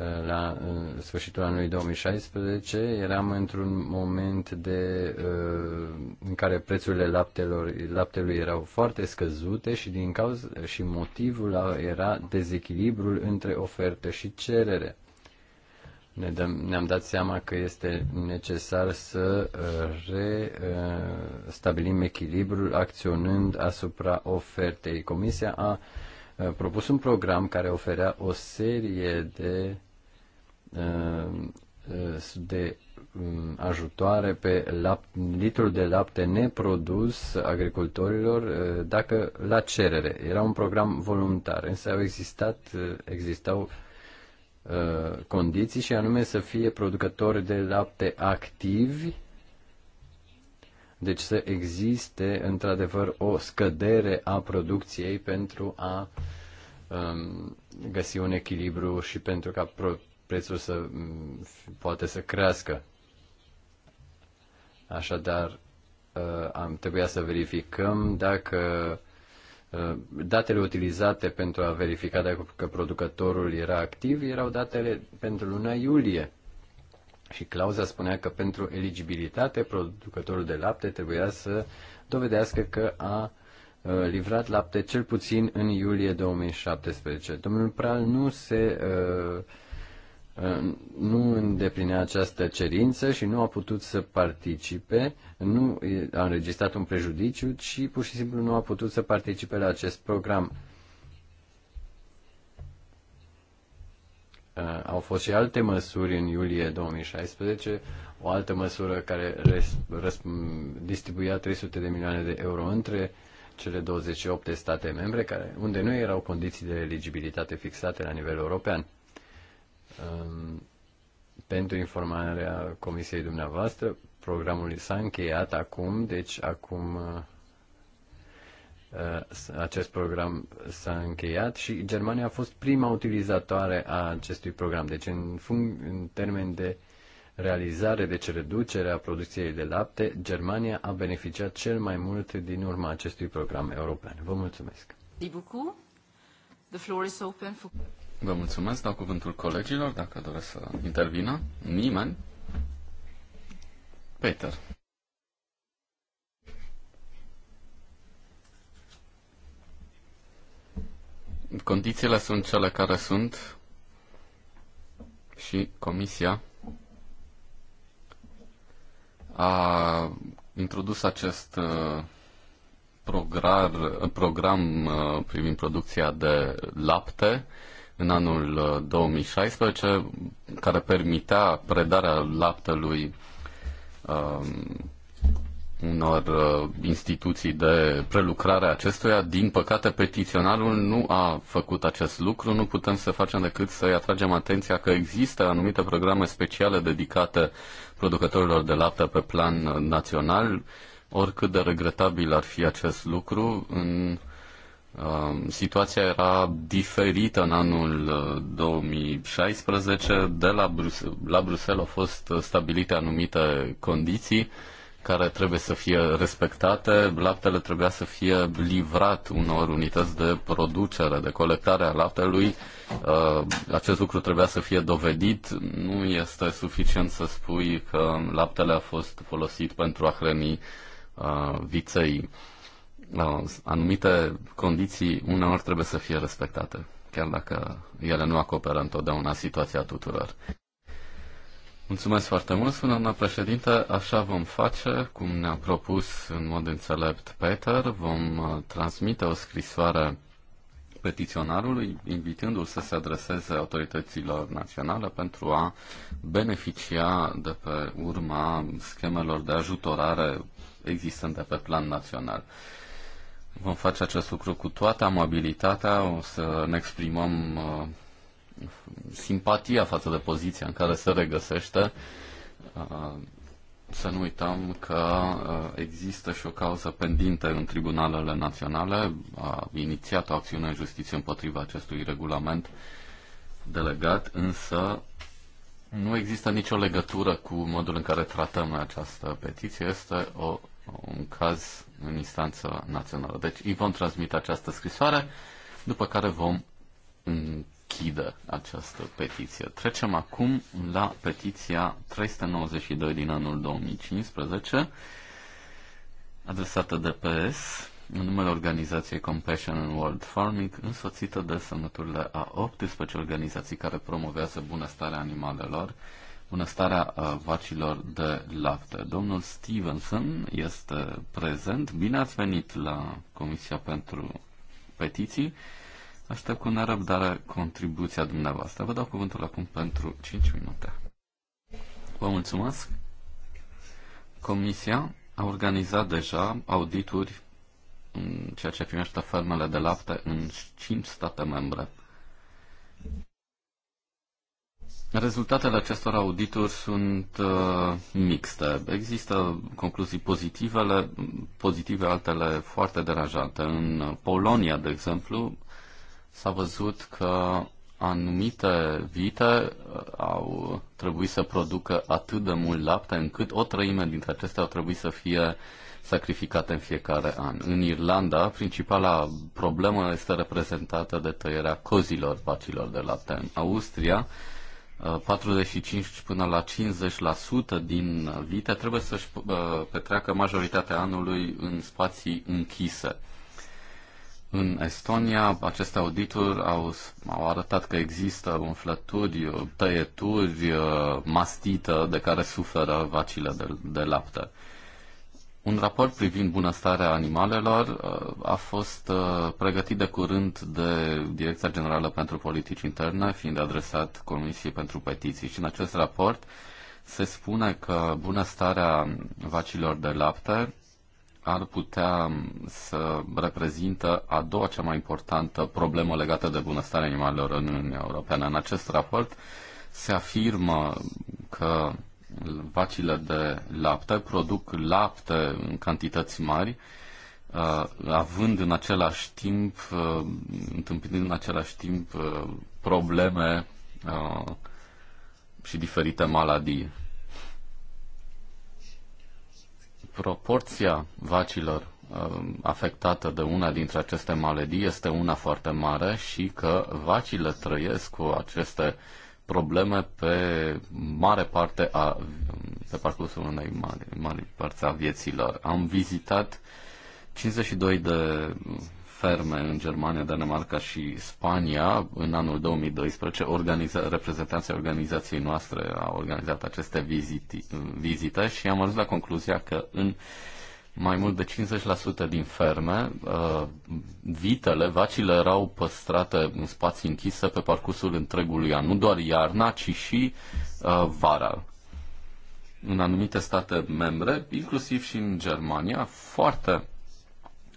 Uh, la sfârșitul anului 2016 eram într-un moment de, uh, în care prețurile laptelor, laptelui erau foarte scăzute și din cauza și motivul era dezechilibrul între ofertă și cerere. Ne dăm, ne-am dat seama că este necesar să uh, restabilim echilibrul acționând asupra ofertei. Comisia a uh, Uh, propus un program care oferea o serie de, uh, uh, de um, ajutoare pe lap, litrul de lapte neprodus agricultorilor dacă la cerere. Era un program voluntar, însă au existat, existau condiții și anume să fie producători de lapte activi deci să existe într-adevăr o scădere a producției pentru a um, găsi un echilibru și pentru ca prețul să um, poate să crească. Așadar, uh, am trebuia să verificăm dacă uh, datele utilizate pentru a verifica dacă producătorul era activ erau datele pentru luna iulie și clauza spunea că pentru eligibilitate producătorul de lapte trebuia să dovedească că a uh, livrat lapte cel puțin în iulie 2017. Domnul Pral nu se uh, uh, nu îndeplinea această cerință și nu a putut să participe, nu a înregistrat un prejudiciu, ci pur și simplu nu a putut să participe la acest program. Uh, au fost și alte măsuri în iulie 2016, o altă măsură care distribuia 300 de milioane de euro între cele 28 de state membre, care, unde nu erau condiții de eligibilitate fixate la nivel european. Um, pentru informarea Comisiei dumneavoastră, programul s-a încheiat acum, deci acum uh, Uh, acest program s-a încheiat și Germania a fost prima utilizatoare a acestui program. Deci, în, fun- în termen de realizare, deci reducere a producției de lapte, Germania a beneficiat cel mai mult din urma acestui program european. Vă mulțumesc! Vă mulțumesc, dau cuvântul colegilor dacă doresc să intervină. Nimeni? Peter. Condițiile sunt cele care sunt și Comisia a introdus acest uh, uh, program, program uh, privind producția de lapte în anul 2016, care permitea predarea laptelui um, unor uh, instituții de prelucrare a acestuia. Din păcate, petiționarul nu a făcut acest lucru. Nu putem să facem decât să-i atragem atenția că există anumite programe speciale dedicate producătorilor de lapte pe plan uh, național. Oricât de regretabil ar fi acest lucru, în um, situația era diferită în anul 2016. Uh, de la, Brus- la Bruxelles au fost stabilite anumite condiții care trebuie să fie respectate. Laptele trebuia să fie livrat unor unități de producere, de colectare a laptelui. Uh, acest lucru trebuia să fie dovedit. Nu este suficient să spui că laptele a fost folosit pentru a hrăni uh, viței. Uh, anumite condiții uneori trebuie să fie respectate, chiar dacă ele nu acoperă întotdeauna situația tuturor. Mulțumesc foarte mult, spune doamna președinte. Așa vom face, cum ne-a propus în mod înțelept Peter. Vom uh, transmite o scrisoare petiționarului, invitându-l să se adreseze autorităților naționale pentru a beneficia de pe urma schemelor de ajutorare existente pe plan național. Vom face acest lucru cu toată amabilitatea, o să ne exprimăm uh, simpatia față de poziția în care se regăsește. Uh, să nu uităm că uh, există și o cauză pendinte în tribunalele naționale. A inițiat o acțiune în justiție împotriva acestui regulament delegat, însă nu există nicio legătură cu modul în care tratăm această petiție. Este o, un caz în instanță națională. Deci îi vom transmite această scrisoare, după care vom închidă această petiție. Trecem acum la petiția 392 din anul 2015, adresată de PS, în numele organizației Compassion and World Farming, însoțită de semnăturile a 18 organizații care promovează bunăstarea animalelor, bunăstarea uh, vacilor de lapte. Domnul Stevenson este prezent. Bine ați venit la Comisia pentru Petiții. Aștept cu nerăbdare contribuția dumneavoastră. Vă dau cuvântul acum pentru 5 minute. Vă mulțumesc. Comisia a organizat deja audituri în ceea ce primește fermele de lapte în 5 state membre. Rezultatele acestor audituri sunt uh, mixte. Există concluzii pozitive, pozitive, altele foarte deranjante. În Polonia, de exemplu, s-a văzut că anumite vite uh, au trebuit să producă atât de mult lapte încât o treime dintre acestea au trebuit să fie sacrificate în fiecare an. În Irlanda, principala problemă este reprezentată de tăierea cozilor vacilor de lapte. În Austria, 45 uh, până la 50% din vite trebuie să-și uh, petreacă majoritatea anului în spații închise în Estonia, aceste audituri au, au arătat că există umflături, tăieturi, uh, mastită de care suferă vacile de, de lapte. Un raport privind bunăstarea animalelor uh, a fost uh, pregătit de curând de Direcția Generală pentru Politici Interne, fiind adresat Comisiei pentru Petiții. Și în acest raport se spune că bunăstarea vacilor de lapte ar putea um, să reprezintă a doua cea mai importantă problemă legată de bunăstarea animalelor în Uniunea Europeană. În acest raport se afirmă că vacile de lapte produc lapte în cantități mari, uh, având în același timp, uh, întâmpinând în același timp uh, probleme și diferite maladii proporția vacilor um, afectată de una dintre aceste maledii este una foarte mare și că vacile trăiesc cu aceste probleme pe mare parte a, pe parcursul unei mari, mari părți a vieților. Am vizitat 52 de ferme în Germania, Danemarca și Spania, în anul 2012, organiza- reprezentanții organizației noastre au organizat aceste viziti, vizite și am ajuns la concluzia că în mai mult de 50% din ferme, uh, vitele, vacile erau păstrate în spații închise pe parcursul întregului an, nu doar iarna, ci și uh, vara. În anumite state membre, inclusiv și în Germania, foarte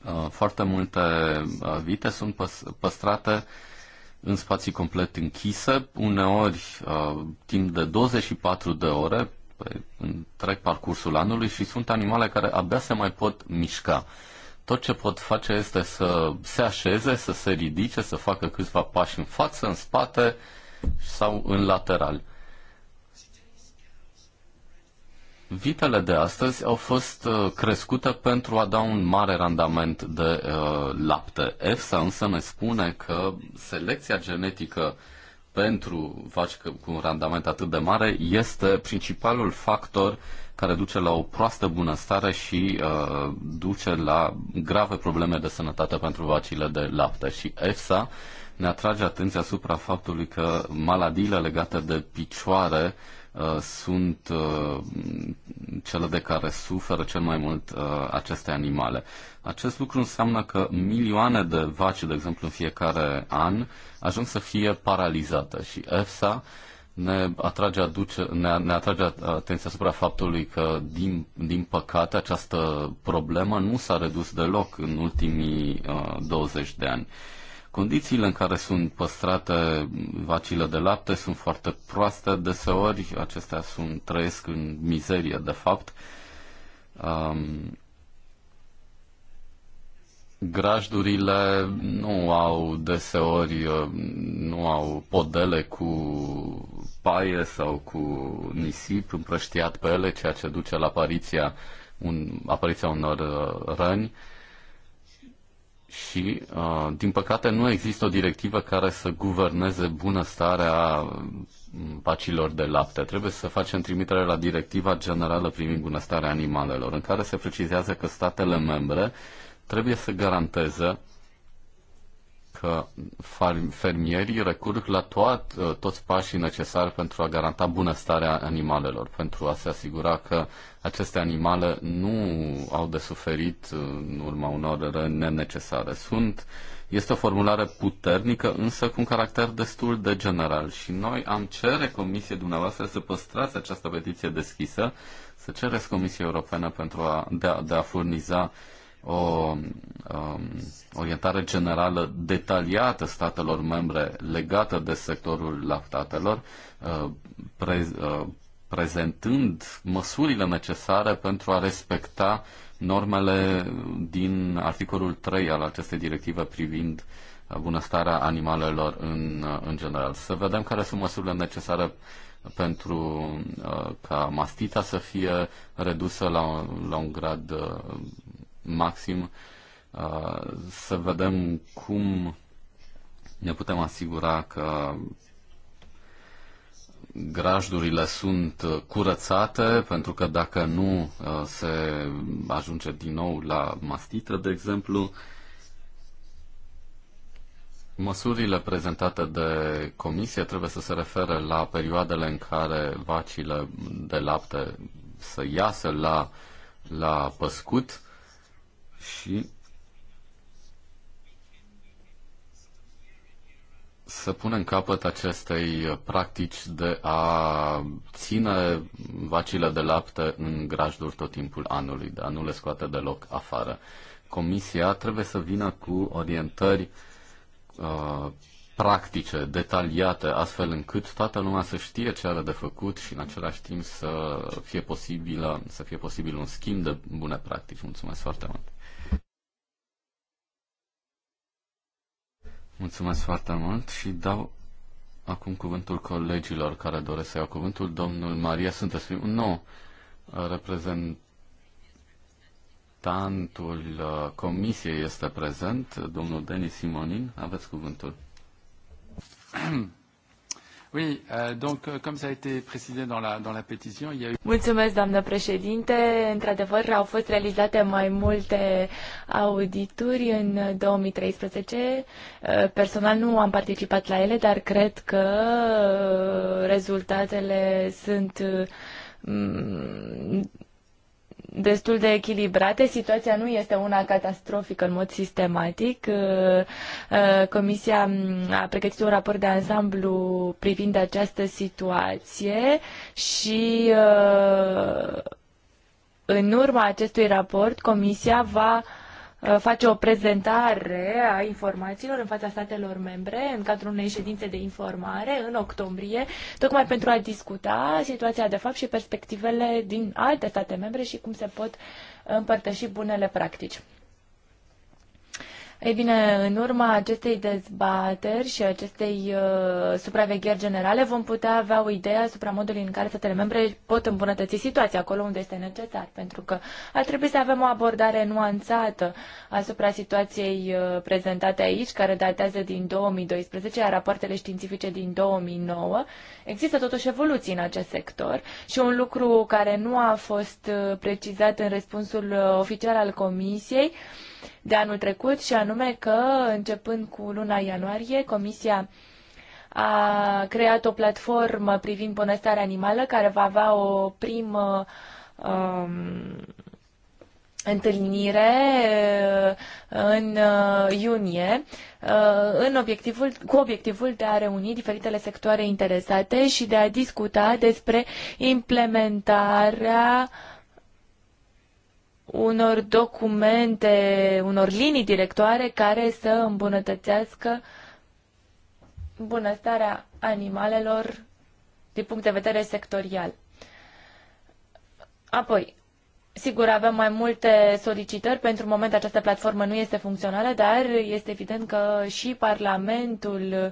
Uh, foarte multe uh, vite sunt păstrate în spații complet închise, uneori uh, timp de 24 de ore pe întreg parcursul anului și sunt animale care abia se mai pot mișca. Tot ce pot face este să se așeze, să se ridice, să facă câțiva pași în față, în spate sau în lateral. Vitele de astăzi au fost uh, crescute pentru a da un mare randament de uh, lapte. EFSA însă ne spune că selecția genetică pentru vaci cu un randament atât de mare este principalul factor care duce la o proastă bunăstare și uh, duce la grave probleme de sănătate pentru vacile de lapte. Și EFSA ne atrage atenția asupra faptului că maladiile legate de picioare uh, Uh, sunt uh, cele de care suferă cel mai mult uh, aceste animale. Acest lucru înseamnă că milioane de vaci, de exemplu, în fiecare an, ajung să fie paralizate și EFSA ne atrage, aduce, ne, ne atrage atenția asupra faptului că, din, din păcate, această problemă nu s-a redus deloc în ultimii uh, 20 de ani. Uh, Condițiile în care sunt păstrate vacile de lapte sunt foarte proaste deseori, acestea sunt, trăiesc în mizerie de fapt. Um, grajdurile nu au deseori, nu au podele cu paie sau cu nisip împrăștiat pe ele, ceea ce duce la apariția, un, apariția unor uh, răni. Uh, și, uh, din păcate, nu există o directivă care să guverneze bunăstarea vacilor mm, de lapte. Trebuie să facem trimitere la Directiva Generală privind bunăstarea animalelor, în care se precizează că statele membre trebuie să garanteze că fermierii recurg la toat, uh, toți pașii necesari pentru a garanta bunăstarea animalelor, pentru a se asigura că aceste animale nu au de suferit uh, în urma unor răni nenecesare. Sunt, este o formulare puternică, însă cu un caracter destul de general și noi am cere Comisiei dumneavoastră să păstrați această petiție deschisă, să cereți Comisia Europeană pentru a, de a, de a furniza uh, o um, orientare generală detaliată statelor membre legată de sectorul lactatelor, uh, pre, uh, prezentând măsurile necesare pentru a respecta normele din articolul 3 al acestei directive privind uh, bunăstarea animalelor în, uh, în general. Să vedem care sunt măsurile necesare pentru uh, ca mastita să fie redusă la, la un grad maxim, uh, să vedem cum ne putem asigura că grajdurile sunt curățate, pentru că dacă nu uh, se ajunge din nou la mastită de exemplu, Măsurile prezentate de comisie trebuie să se refere la perioadele în care vacile de lapte să iasă la, la păscut și să punem capăt acestei practici de a ține vacile de lapte în grajduri tot timpul anului, de a nu le scoate deloc afară. Comisia trebuie să vină cu orientări uh, practice, detaliate, astfel încât toată lumea să știe ce are de făcut și în același timp să fie posibil, să fie posibil un schimb de bune practici. Mulțumesc foarte mult! Mulțumesc foarte mult și dau acum cuvântul colegilor care doresc să iau cuvântul. Domnul Maria, sunteți un nou Reprezentantul uh, comisiei este prezent, domnul Denis Simonin. Aveți cuvântul. Oui, euh, donc euh, comme ça a été précisé dans la, dans la pétition, il y a eu... Mulțumesc, doamnă președinte. Într-adevăr, au fost realizate mai multe audituri în 2013. Uh, personal nu am participat la ele, dar cred că uh, rezultatele sunt mm, destul de echilibrate. Situația nu este una catastrofică în mod sistematic. Uh, uh, Comisia mm, a pregătit un raport de ansamblu privind această situație și uh, în urma acestui raport Comisia va Uh, face o prezentare a informațiilor în fața statelor membre în cadrul unei ședințe de informare în octombrie, tocmai pentru a discuta situația de fapt și perspectivele din alte state membre și cum se pot împărtăși bunele practici. Ei bine, în urma acestei dezbateri și acestei uh, supravegheri generale vom putea avea o idee asupra modului în care statele membre pot îmbunătăți situația acolo unde este necesar, pentru că ar trebui să avem o abordare nuanțată asupra situației uh, prezentate aici, care datează din 2012, iar rapoartele științifice din 2009. Există totuși evoluții în acest sector și un lucru care nu a fost uh, precizat în răspunsul uh, oficial al Comisiei, uh, de anul trecut și anume că, începând cu luna ianuarie, Comisia a creat o platformă privind bunăstarea animală care va avea o primă um, întâlnire uh, în uh, iunie uh, în obiectivul, cu obiectivul de a reuni diferitele sectoare interesate și de a discuta despre implementarea uh, unor documente, unor linii directoare care să îmbunătățească bunăstarea animalelor din punct de vedere sectorial. Apoi, sigur, avem mai multe solicitări. Pentru moment această platformă nu este funcțională, dar este evident că și Parlamentul uh,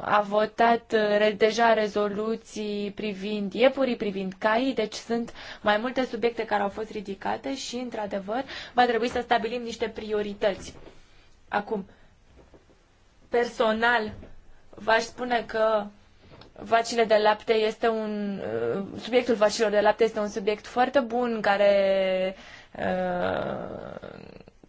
a votat eh, deja rezoluții privind iepurii, privind caii, deci sunt mai multe subiecte care au fost ridicate și, într-adevăr, va trebui să stabilim niște priorități. Acum, personal, v-aș spune că vacile de lapte este un eh, subiectul vacilor de lapte este un subiect foarte bun care uh,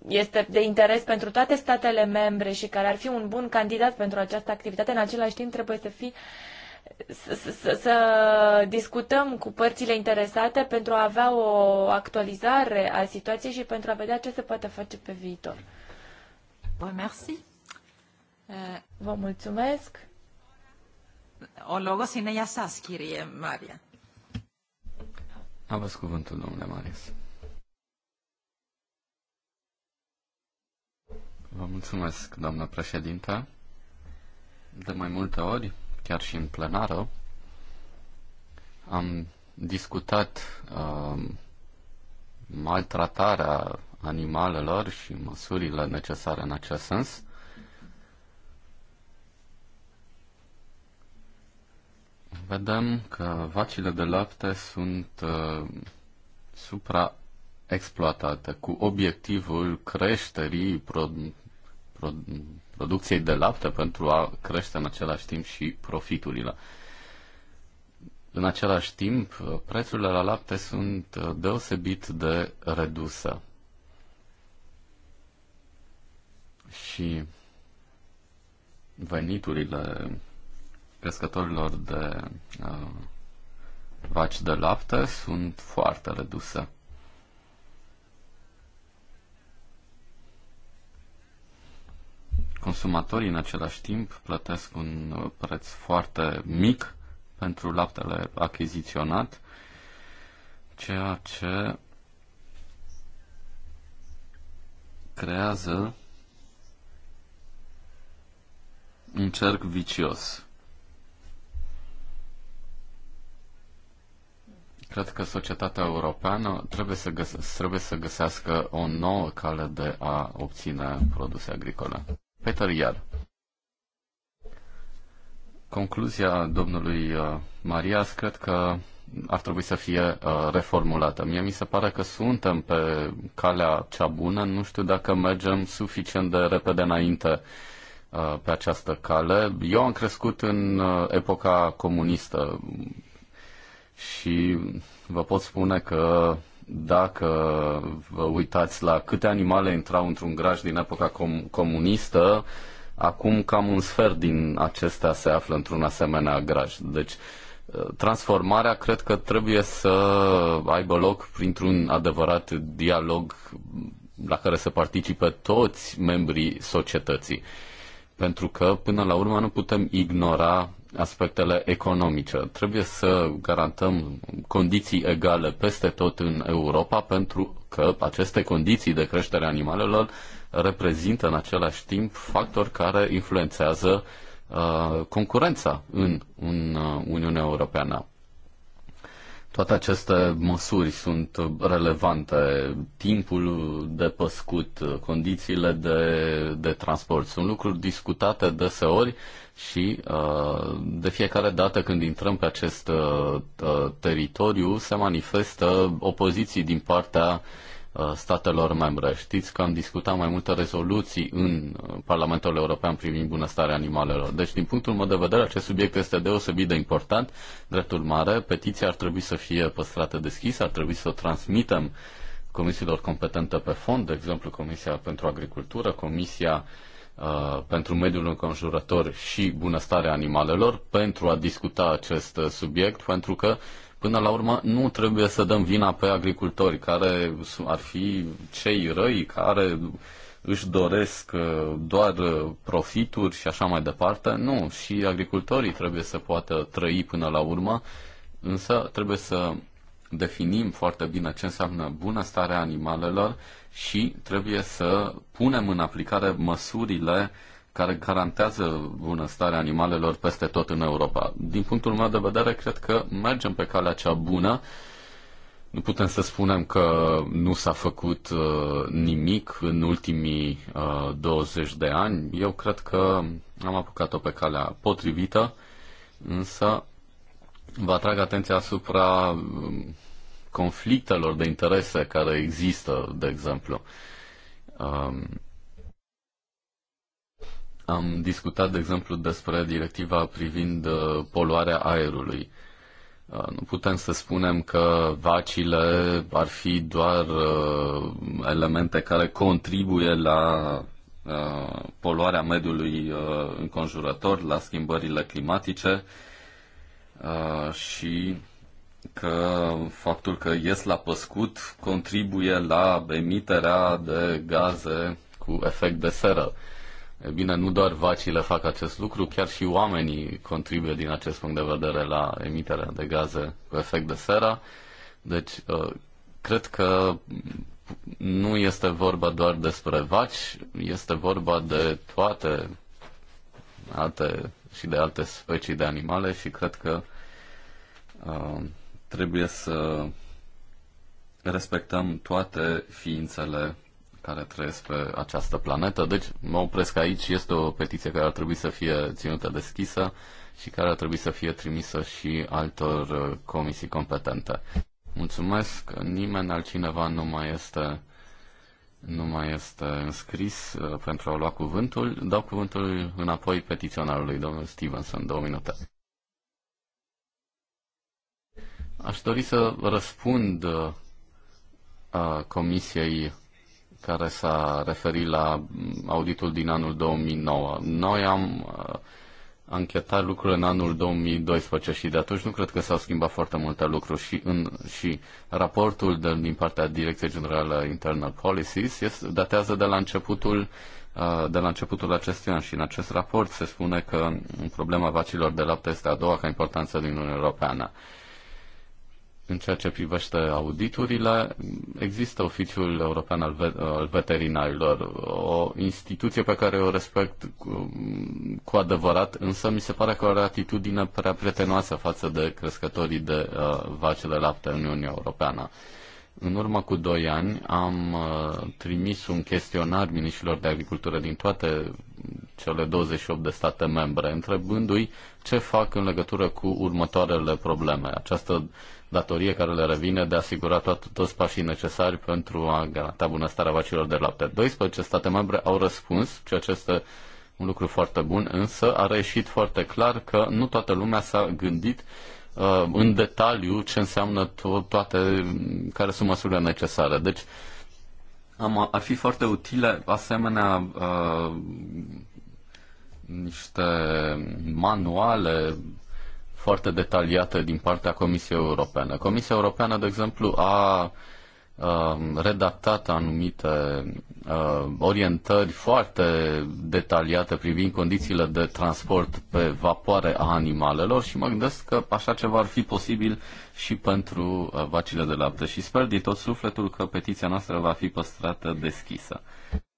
este de interes pentru toate statele membre și care ar fi un bun candidat pentru această activitate, în același timp trebuie să fii să, discutăm cu părțile interesate pentru a avea o actualizare a situației și pentru a vedea ce se poate face pe viitor. Vă mersi. Eh, Vă mulțumesc. O logos în Maria. Aveți cuvântul, domnule Marius. Vă mulțumesc, doamnă președinte. De mai multe ori, chiar și în plenară, am discutat uh, maltratarea animalelor și măsurile necesare în acest sens. Vedem că vacile de lapte sunt uh, supra exploatată cu obiectivul creșterii pro, pro, producției de lapte pentru a crește în același timp și profiturile. În același timp, prețurile la lapte sunt deosebit de reduse. Și veniturile crescătorilor de uh, vaci de lapte sunt foarte reduse. consumatorii în același timp plătesc un uh, preț foarte mic pentru laptele achiziționat, ceea ce creează un cerc vicios. Cred că societatea europeană trebuie să, găse- trebuie să găsească o nouă cale de a obține produse agricole. Peter Iar. Concluzia domnului uh, Marias cred că ar trebui să fie uh, reformulată. Mie mi se pare că suntem pe calea cea bună, nu știu dacă mergem suficient de repede înainte uh, pe această cale. Eu am crescut în epoca comunistă și vă pot spune că dacă vă uitați la câte animale intrau într-un graj din epoca com- comunistă, acum cam un sfert din acestea se află într-un asemenea graj. Deci, transformarea cred că trebuie să aibă loc printr-un adevărat dialog la care să participe toți membrii societății. Pentru că, până la urmă, nu putem ignora aspectele economice. Trebuie să garantăm condiții egale peste tot în Europa pentru că aceste condiții de creștere animalelor reprezintă în același timp factori care influențează uh, concurența în, în uh, Uniunea Europeană. Toate aceste măsuri sunt relevante. Timpul de păscut, condițiile de, de transport sunt lucruri discutate deseori și uh, de fiecare dată când intrăm pe acest uh, uh, teritoriu se manifestă opoziții din partea uh, Uh, statelor membre. Știți că am discutat mai multe rezoluții în uh, Parlamentul European privind bunăstarea animalelor. Deci, din punctul meu de vedere, acest subiect este deosebit de important. dreptul mare. petiția ar trebui să fie păstrată deschisă, ar trebui să o transmitem comisiilor competente pe fond, de exemplu Comisia pentru Agricultură, Comisia uh, pentru mediul înconjurător și bunăstarea animalelor pentru a discuta acest uh, subiect, pentru că uh, Până la urmă, nu trebuie să dăm vina pe agricultori, care ar fi cei răi, care își doresc uh, doar uh, profituri și așa mai departe. Nu, și agricultorii trebuie să poată trăi până la urmă, însă trebuie să definim foarte bine ce înseamnă bunăstarea animalelor și trebuie să punem în aplicare măsurile uh, care garantează bunăstarea animalelor peste tot în Europa. Din punctul meu de vedere, cred că mergem pe calea cea bună. Nu putem să spunem că nu s-a făcut uh, nimic în ultimii 20 uh, de ani. Eu cred că am apucat-o pe calea potrivită, însă vă atrag atenția asupra um, conflictelor de interese care există, de exemplu. Um, am discutat, de exemplu, despre directiva privind uh, poluarea aerului. Uh, nu putem să spunem că vacile ar fi doar uh, elemente care contribuie la poluarea mediului înconjurător, la schimbările climatice și că faptul că ies la păscut contribuie la emiterea de gaze cu efect de seră. E bine, nu doar vacile fac acest lucru, chiar și oamenii contribuie din acest punct de vedere la emiterea de gaze cu efect de seră. Deci, ă, cred că nu este vorba doar despre vaci, este vorba de toate alte și de alte specii de animale și cred că ă, trebuie să respectăm toate ființele care trăiesc pe această planetă. Deci mă opresc aici. Este o petiție care ar trebui să fie ținută deschisă și care ar trebui să fie trimisă și altor uh, comisii competente. Mulțumesc. Nimeni altcineva nu mai este nu mai este înscris uh, pentru a lua cuvântul. Dau cuvântul înapoi petiționarului, domnul Stevenson, două minute. Aș dori să răspund uh, Comisiei care s-a referit la auditul din anul 2009. Noi am uh, anchetat lucrurile în anul 2012 și de atunci nu cred că s-au schimbat foarte multe lucruri și, în, și raportul de, din partea Direcției Generală Internal Policies este, datează de la începutul uh, de la începutul acestui an și în acest raport se spune că problema vacilor de lapte este a doua ca importanță din Uniunea Europeană. Uh, în ceea ce privește auditurile, există Oficiul European al, Ve- al Veterinarilor, o instituție pe care o respect cu, cu adevărat, însă mi se pare că are o atitudine prea prietenoasă față de crescătorii de uh, vaci de lapte în Uniunea Europeană. În urmă cu doi ani am uh, trimis un chestionar ministrilor de agricultură din toate cele 28 de state membre, întrebându-i ce fac în legătură cu următoarele probleme. Această datorie care le revine de a asigura toat, toți pașii necesari pentru a garanta bunăstarea vacilor de lapte. 12 state membre au răspuns, ceea ce este un lucru foarte bun, însă a reieșit foarte clar că nu toată lumea s-a gândit uh, în detaliu ce înseamnă to- toate, care sunt măsurile necesare. Deci, am, ar fi foarte utile asemenea uh, niște manuale foarte detaliate din partea Comisiei Europene. Comisia Europeană, de exemplu, a um, redactat anumite uh, orientări foarte detaliate privind condițiile de transport pe vapoare a animalelor și mă gândesc că așa ceva ar fi posibil și pentru uh, vacile de lapte și sper din tot sufletul că petiția noastră va fi păstrată deschisă.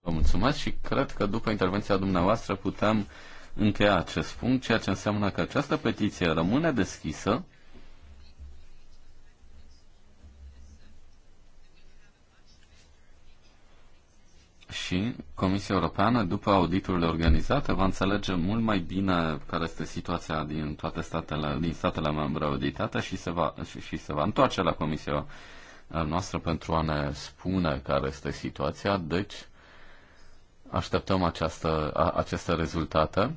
Vă mulțumesc și cred că după intervenția dumneavoastră putem încheia acest punct, ceea ce înseamnă că această petiție rămâne deschisă și Comisia Europeană, după auditurile organizate, va înțelege mult mai bine care este situația din toate statele, din statele membre auditate și se va, și, și se va întoarce la Comisia noastră pentru a ne spune care este situația. Deci, Așteptăm această, a, aceste rezultate.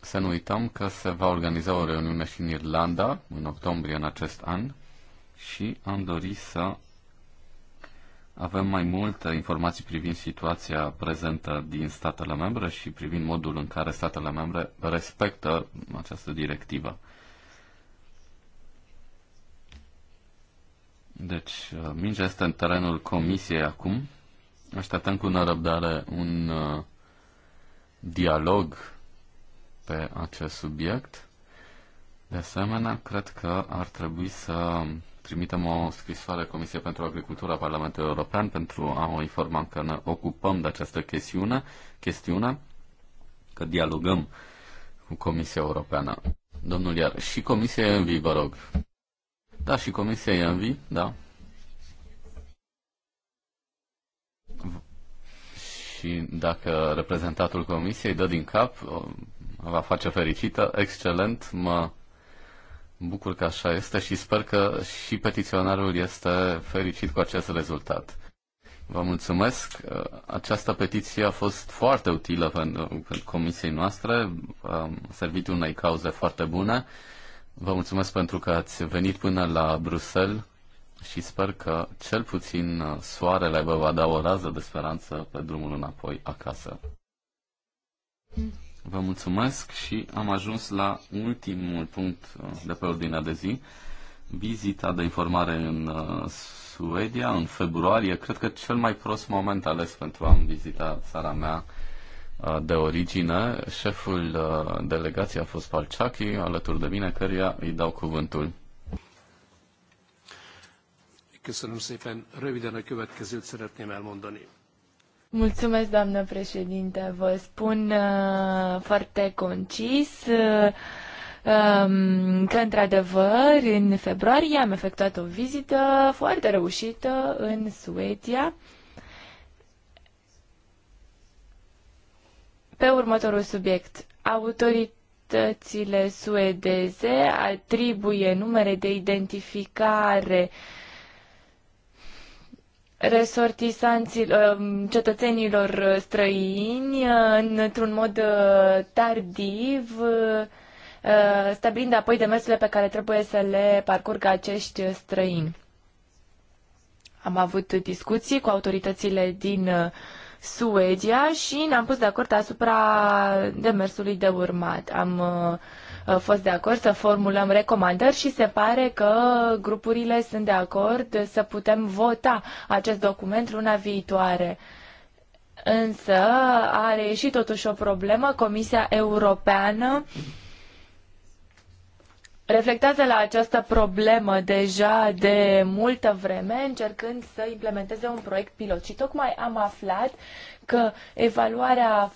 Să nu uităm că se va organiza o reuniune și în Irlanda în octombrie în acest an și am dorit să avem mai multe informații privind situația prezentă din statele membre și privind modul în care statele membre respectă această directivă. Deci, uh, mingea este în terenul Comisiei acum Așteptăm cu nerăbdare un uh, dialog pe acest subiect. De asemenea, cred că ar trebui să trimitem o scrisoare Comisiei pentru Agricultură Parlamentului European pentru a o informa că ne ocupăm de această chestiune, chestiune că dialogăm cu Comisia Europeană. Domnul Iar, și Comisia Envi, vă rog. Da, și Comisia Envi, da, și dacă reprezentatul comisiei dă din cap, va face fericită. Excelent, mă bucur că așa este și sper că și petiționarul este fericit cu acest rezultat. Vă mulțumesc. Această petiție a fost foarte utilă pentru comisiei noastre, a servit unei cauze foarte bune. Vă mulțumesc pentru că ați venit până la Bruxelles și sper că cel puțin uh, soarele vă va da o rază de speranță pe drumul înapoi acasă. Vă mulțumesc și am ajuns la ultimul punct uh, de pe ordinea de zi. Vizita de informare în uh, Suedia în februarie. Cred că cel mai prost moment ales pentru a-mi vizita țara mea de origine. Șeful delegației a fost Palciachi, alături de mine, căruia îi dau cuvântul. Köszönöm szépen. Röviden a következőt szeretném elmondani. Mulțumesc, doamnă președinte. Vă spun uh, foarte concis uh, um, că, într-adevăr, în februarie am efectuat o vizită foarte reușită în Suedia. Pe următorul subiect, autoritățile suedeze atribuie numere de identificare uh, resortisanților, um, cetățenilor străini uh, într-un mod uh, tardiv, uh, stabilind apoi demersurile pe care trebuie să le parcurgă acești străini. Am avut discuții cu autoritățile din Suedia și ne-am pus de acord asupra demersului de urmat. Am uh, fost de acord să formulăm recomandări și se pare că grupurile sunt de acord să putem vota acest document luna viitoare. Însă a reieșit totuși o problemă. Comisia Europeană reflectează la această problemă deja de multă vreme, încercând să implementeze un proiect pilot. Și tocmai am aflat că evaluarea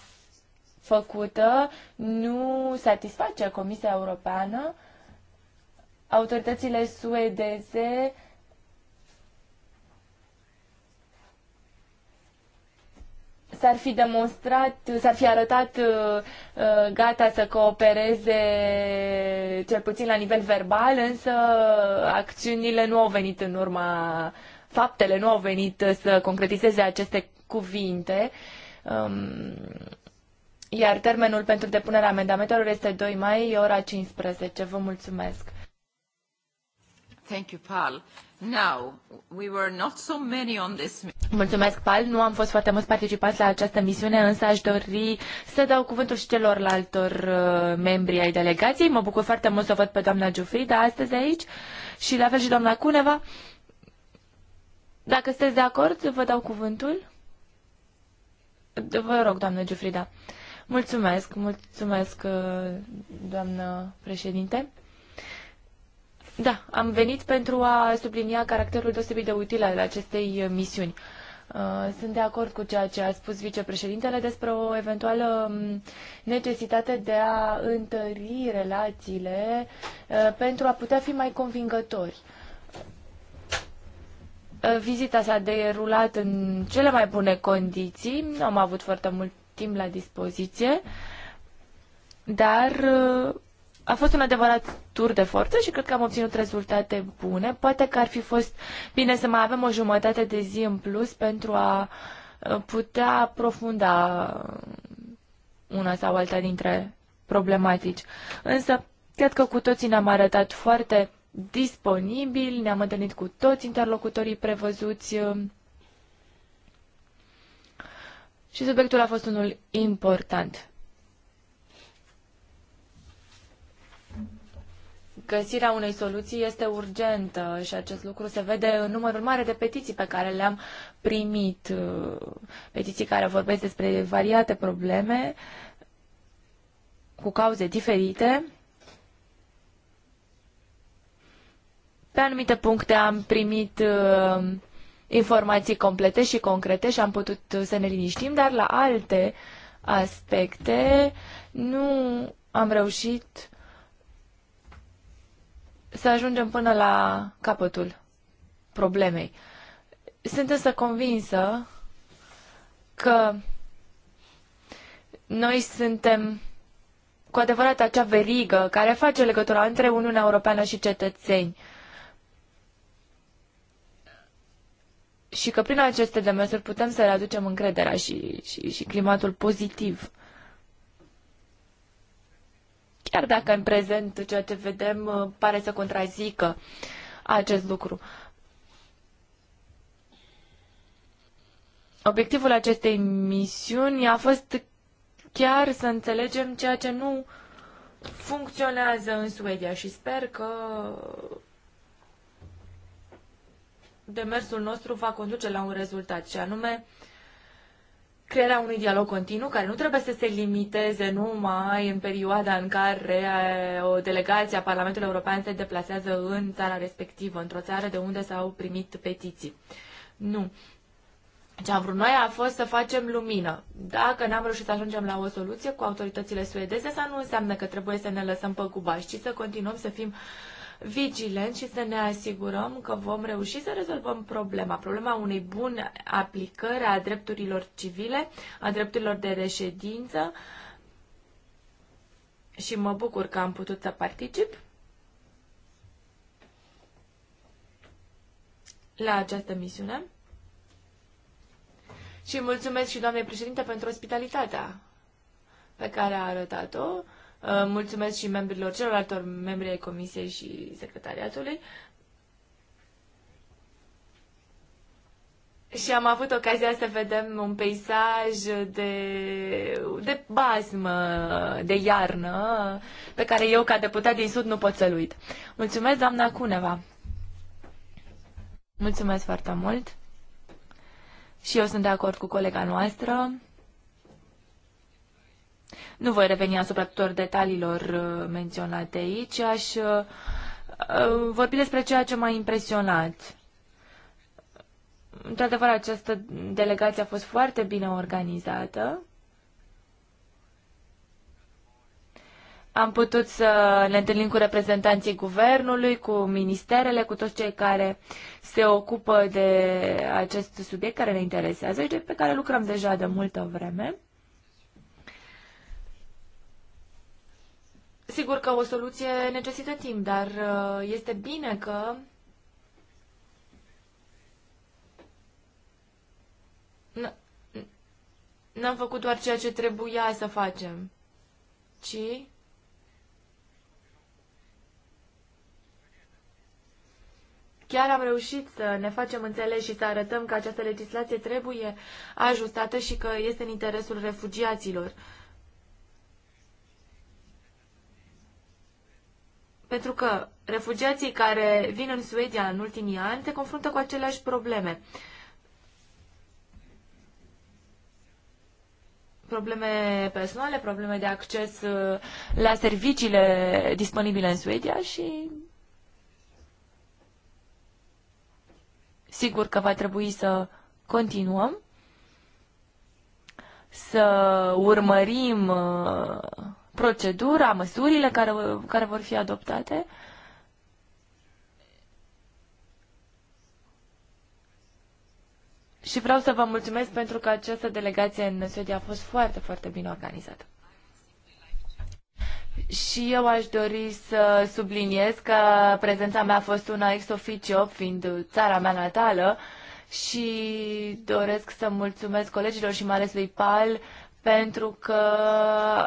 făcută nu satisface Comisia Europeană. Autoritățile suedeze s-ar fi demonstrat, s-ar fi arătat uh, uh, gata să coopereze, cel puțin la nivel verbal, însă acțiunile nu au venit în urma, faptele nu au venit să concretizeze aceste cuvinte. Um, iar termenul pentru depunerea amendamentelor este 2 mai, ora 15. Vă mulțumesc. Thank you, Paul. Now, we were not so many on this... Mulțumesc, Pal. Nu am fost foarte mulți participanți la această misiune, însă aș dori să dau cuvântul și celorlaltor uh, membri ai delegației. Mă bucur foarte mult să văd pe doamna Giufrida astăzi aici și la fel și doamna Cuneva. Dacă sunteți de acord, vă dau cuvântul. Vă rog, doamnă Giufrida. Mulțumesc, mulțumesc, uh, doamnă președinte. Da, am venit pentru a sublinia caracterul deosebit de util al acestei uh, misiuni. Uh, sunt de acord cu ceea ce a spus vicepreședintele despre o eventuală um, necesitate de a întări relațiile pentru a putea fi mai convingători. Vizita s-a derulat în cele mai bune condiții, Nu am avut foarte mult timp la dispoziție, dar uh, a fost un adevărat tur de forță și cred că am obținut rezultate bune. Poate că ar fi fost bine să mai avem o jumătate de zi în plus pentru a uh, putea aprofunda una sau alta dintre problematici. Însă, cred că cu toții ne-am arătat foarte disponibili, ne-am întâlnit cu toți interlocutorii prevăzuți uh, și subiectul a fost unul important. Găsirea unei soluții este urgentă și acest lucru se vede în numărul mare de petiții pe care le-am primit, uh, petiții care vorbesc despre variate probleme cu cauze diferite. Pe anumite puncte am primit uh, informații complete și concrete și am putut să ne liniștim, dar la alte aspecte nu am reușit să ajungem până la capătul problemei. Sunt însă convinsă că noi suntem cu adevărat acea verigă care face legătura între Uniunea Europeană și cetățeni. Uh, și că prin aceste demersuri putem să readucem încrederea și, și, și climatul pozitiv. Chiar dacă în prezent ceea ce vedem uh, pare să contrazică acest lucru. Obiectivul acestei misiuni a fost chiar să înțelegem ceea ce nu funcționează în Suedia și sper că demersul nostru va conduce la un rezultat, și anume crearea unui dialog continuu care nu trebuie să se limiteze numai în perioada în care o delegație a Parlamentului European se deplasează în țara respectivă, într-o țară de unde s-au primit petiții. Nu. Ce am vrut noi a fost să facem lumină. Dacă n-am reușit să ajungem la o soluție cu autoritățile suedeze, asta nu înseamnă că trebuie să ne lăsăm cubași, ci să continuăm să fim vigilenți și să ne asigurăm că vom reuși să rezolvăm problema, problema unei bune aplicări a drepturilor civile, a drepturilor de reședință și mă bucur că am putut să particip la această misiune. Și mulțumesc și doamnei președinte pentru ospitalitatea pe care a arătat-o Uh, mulțumesc și membrilor celorlaltor membri ai Comisiei și Secretariatului. Și am avut ocazia să vedem un peisaj de, de bazmă, de iarnă, pe care eu, ca deputat din Sud, nu pot să-l uit. Mulțumesc, doamna Cuneva! Mulțumesc foarte mult! Și eu sunt de acord cu colega noastră. Nu voi reveni asupra tuturor detaliilor uh, menționate aici, aș uh, uh, vorbi despre ceea ce m-a impresionat. Într-adevăr, această delegație a fost foarte bine organizată. Am putut să ne întâlnim cu reprezentanții guvernului, cu ministerele, cu toți cei care se ocupă de acest subiect care ne interesează și de pe care lucrăm deja de multă vreme. Sigur că o soluție necesită timp, dar uh, este bine că n-am făcut doar ceea ce trebuia să facem, ci chiar am reușit să ne facem înțeles și să arătăm că această legislație trebuie ajustată și că este în interesul refugiaților. Pentru că refugiații care vin în Suedia în ultimii ani se confruntă cu aceleași probleme. Probleme personale, probleme de acces uh, la serviciile disponibile în Suedia și sigur că va trebui să continuăm să urmărim uh, procedura, măsurile care, care vor fi adoptate. Și vreau să vă mulțumesc pentru că această delegație în Suedia a fost foarte, foarte bine organizată. Și eu aș dori să subliniez că prezența mea a fost una ex officio, fiind țara mea natală, și doresc să mulțumesc colegilor și mai ales lui Pal pentru că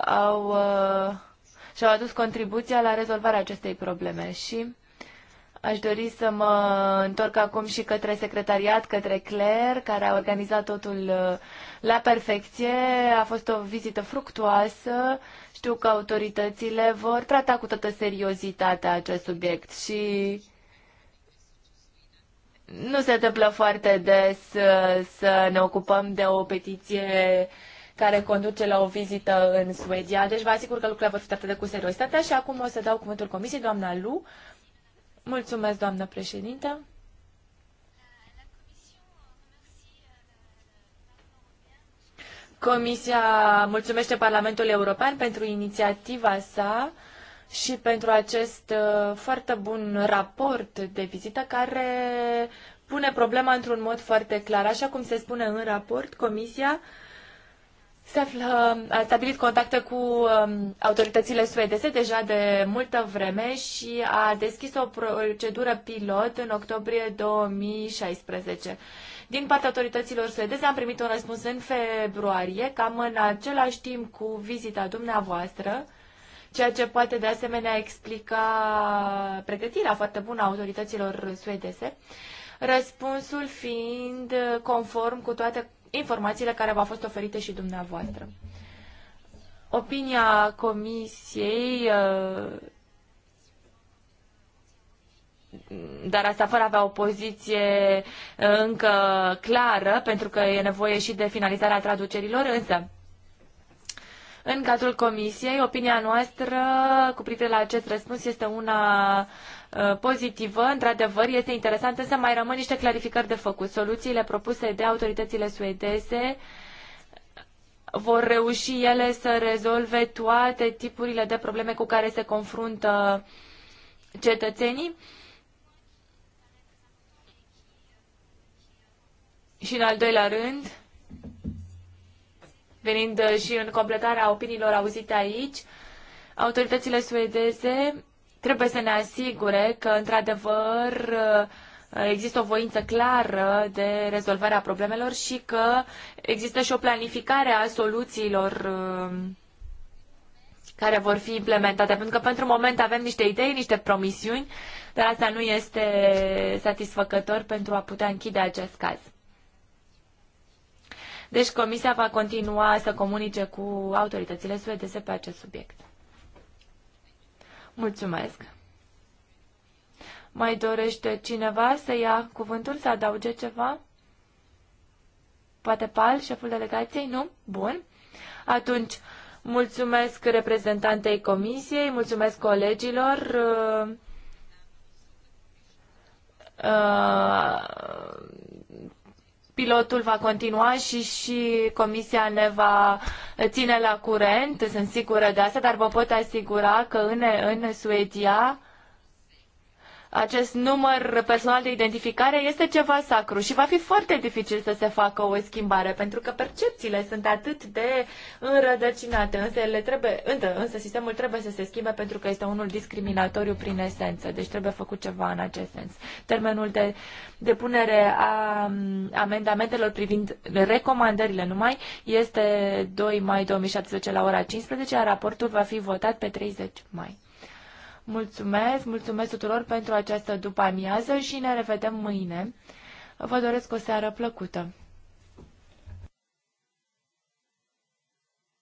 au, uh, și-au adus contribuția la rezolvarea acestei probleme. Și aș dori să mă întorc acum și către secretariat, către Claire, care a organizat totul uh, la perfecție. A fost o vizită fructuoasă. Știu că autoritățile vor trata cu toată seriozitatea acest subiect și nu se întâmplă foarte des uh, să ne ocupăm de o petiție uh, care conduce la o vizită în Suedia. Deci vă asigur că lucrurile vor fi tratate cu seriozitate și acum o să dau cuvântul comisiei, doamna Lu. Mulțumesc, doamnă președintă. Comisia mulțumește Parlamentul European pentru inițiativa sa și pentru acest uh, foarte bun raport de vizită care pune problema într-un mod foarte clar. Așa cum se spune în raport, Comisia uh, S-a stabilit contacte cu um, autoritățile suedeze deja de multă vreme și a deschis o procedură pilot în octombrie 2016. Din partea autorităților suedeze am primit un răspuns în februarie, cam în același timp cu vizita dumneavoastră, ceea ce poate de asemenea explica pregătirea foarte bună a autorităților suedeze. Răspunsul fiind conform cu toate informațiile care v-au fost oferite și dumneavoastră. Opinia comisiei, uh, dar asta fără a avea o poziție uh, încă clară, pentru că e nevoie și de finalizarea traducerilor, însă în cadrul comisiei, opinia noastră cu privire la acest răspuns este una Uh, pozitivă, într-adevăr, este interesant, însă mai rămân niște clarificări de făcut. Soluțiile propuse de autoritățile suedeze vor reuși ele să rezolve toate tipurile de probleme cu care se confruntă cetățenii. Și în al doilea rând, venind și în completarea opiniilor auzite aici, autoritățile suedeze trebuie să ne asigure că, într-adevăr, uh, există o voință clară de rezolvarea problemelor și că există și o planificare a soluțiilor uh, care vor fi implementate. Pentru că, pentru moment, avem niște idei, niște promisiuni, dar asta nu este satisfăcător pentru a putea închide acest caz. Deci Comisia va continua să comunice cu autoritățile suedeze pe acest subiect. Mulțumesc. Mai dorește cineva să ia cuvântul, să adauge ceva? Poate Pal, șeful delegației? Nu? Bun. Atunci, mulțumesc reprezentantei comisiei, mulțumesc colegilor. Uh, uh, pilotul va continua și, și comisia ne va ține la curent, sunt sigură de asta, dar vă pot asigura că în, în Suedia acest număr personal de identificare este ceva sacru și va fi foarte dificil să se facă o schimbare, pentru că percepțiile sunt atât de înrădăcinate, însă, ele trebuie, însă sistemul trebuie să se schimbe pentru că este unul discriminatoriu prin esență, deci trebuie făcut ceva în acest sens. Termenul de depunere a amendamentelor privind recomandările numai este 2 mai 2017 la ora 15, iar raportul va fi votat pe 30 mai. Mulțumesc, mulțumesc tuturor pentru această după amiază și ne revedem mâine. Vă doresc o seară plăcută!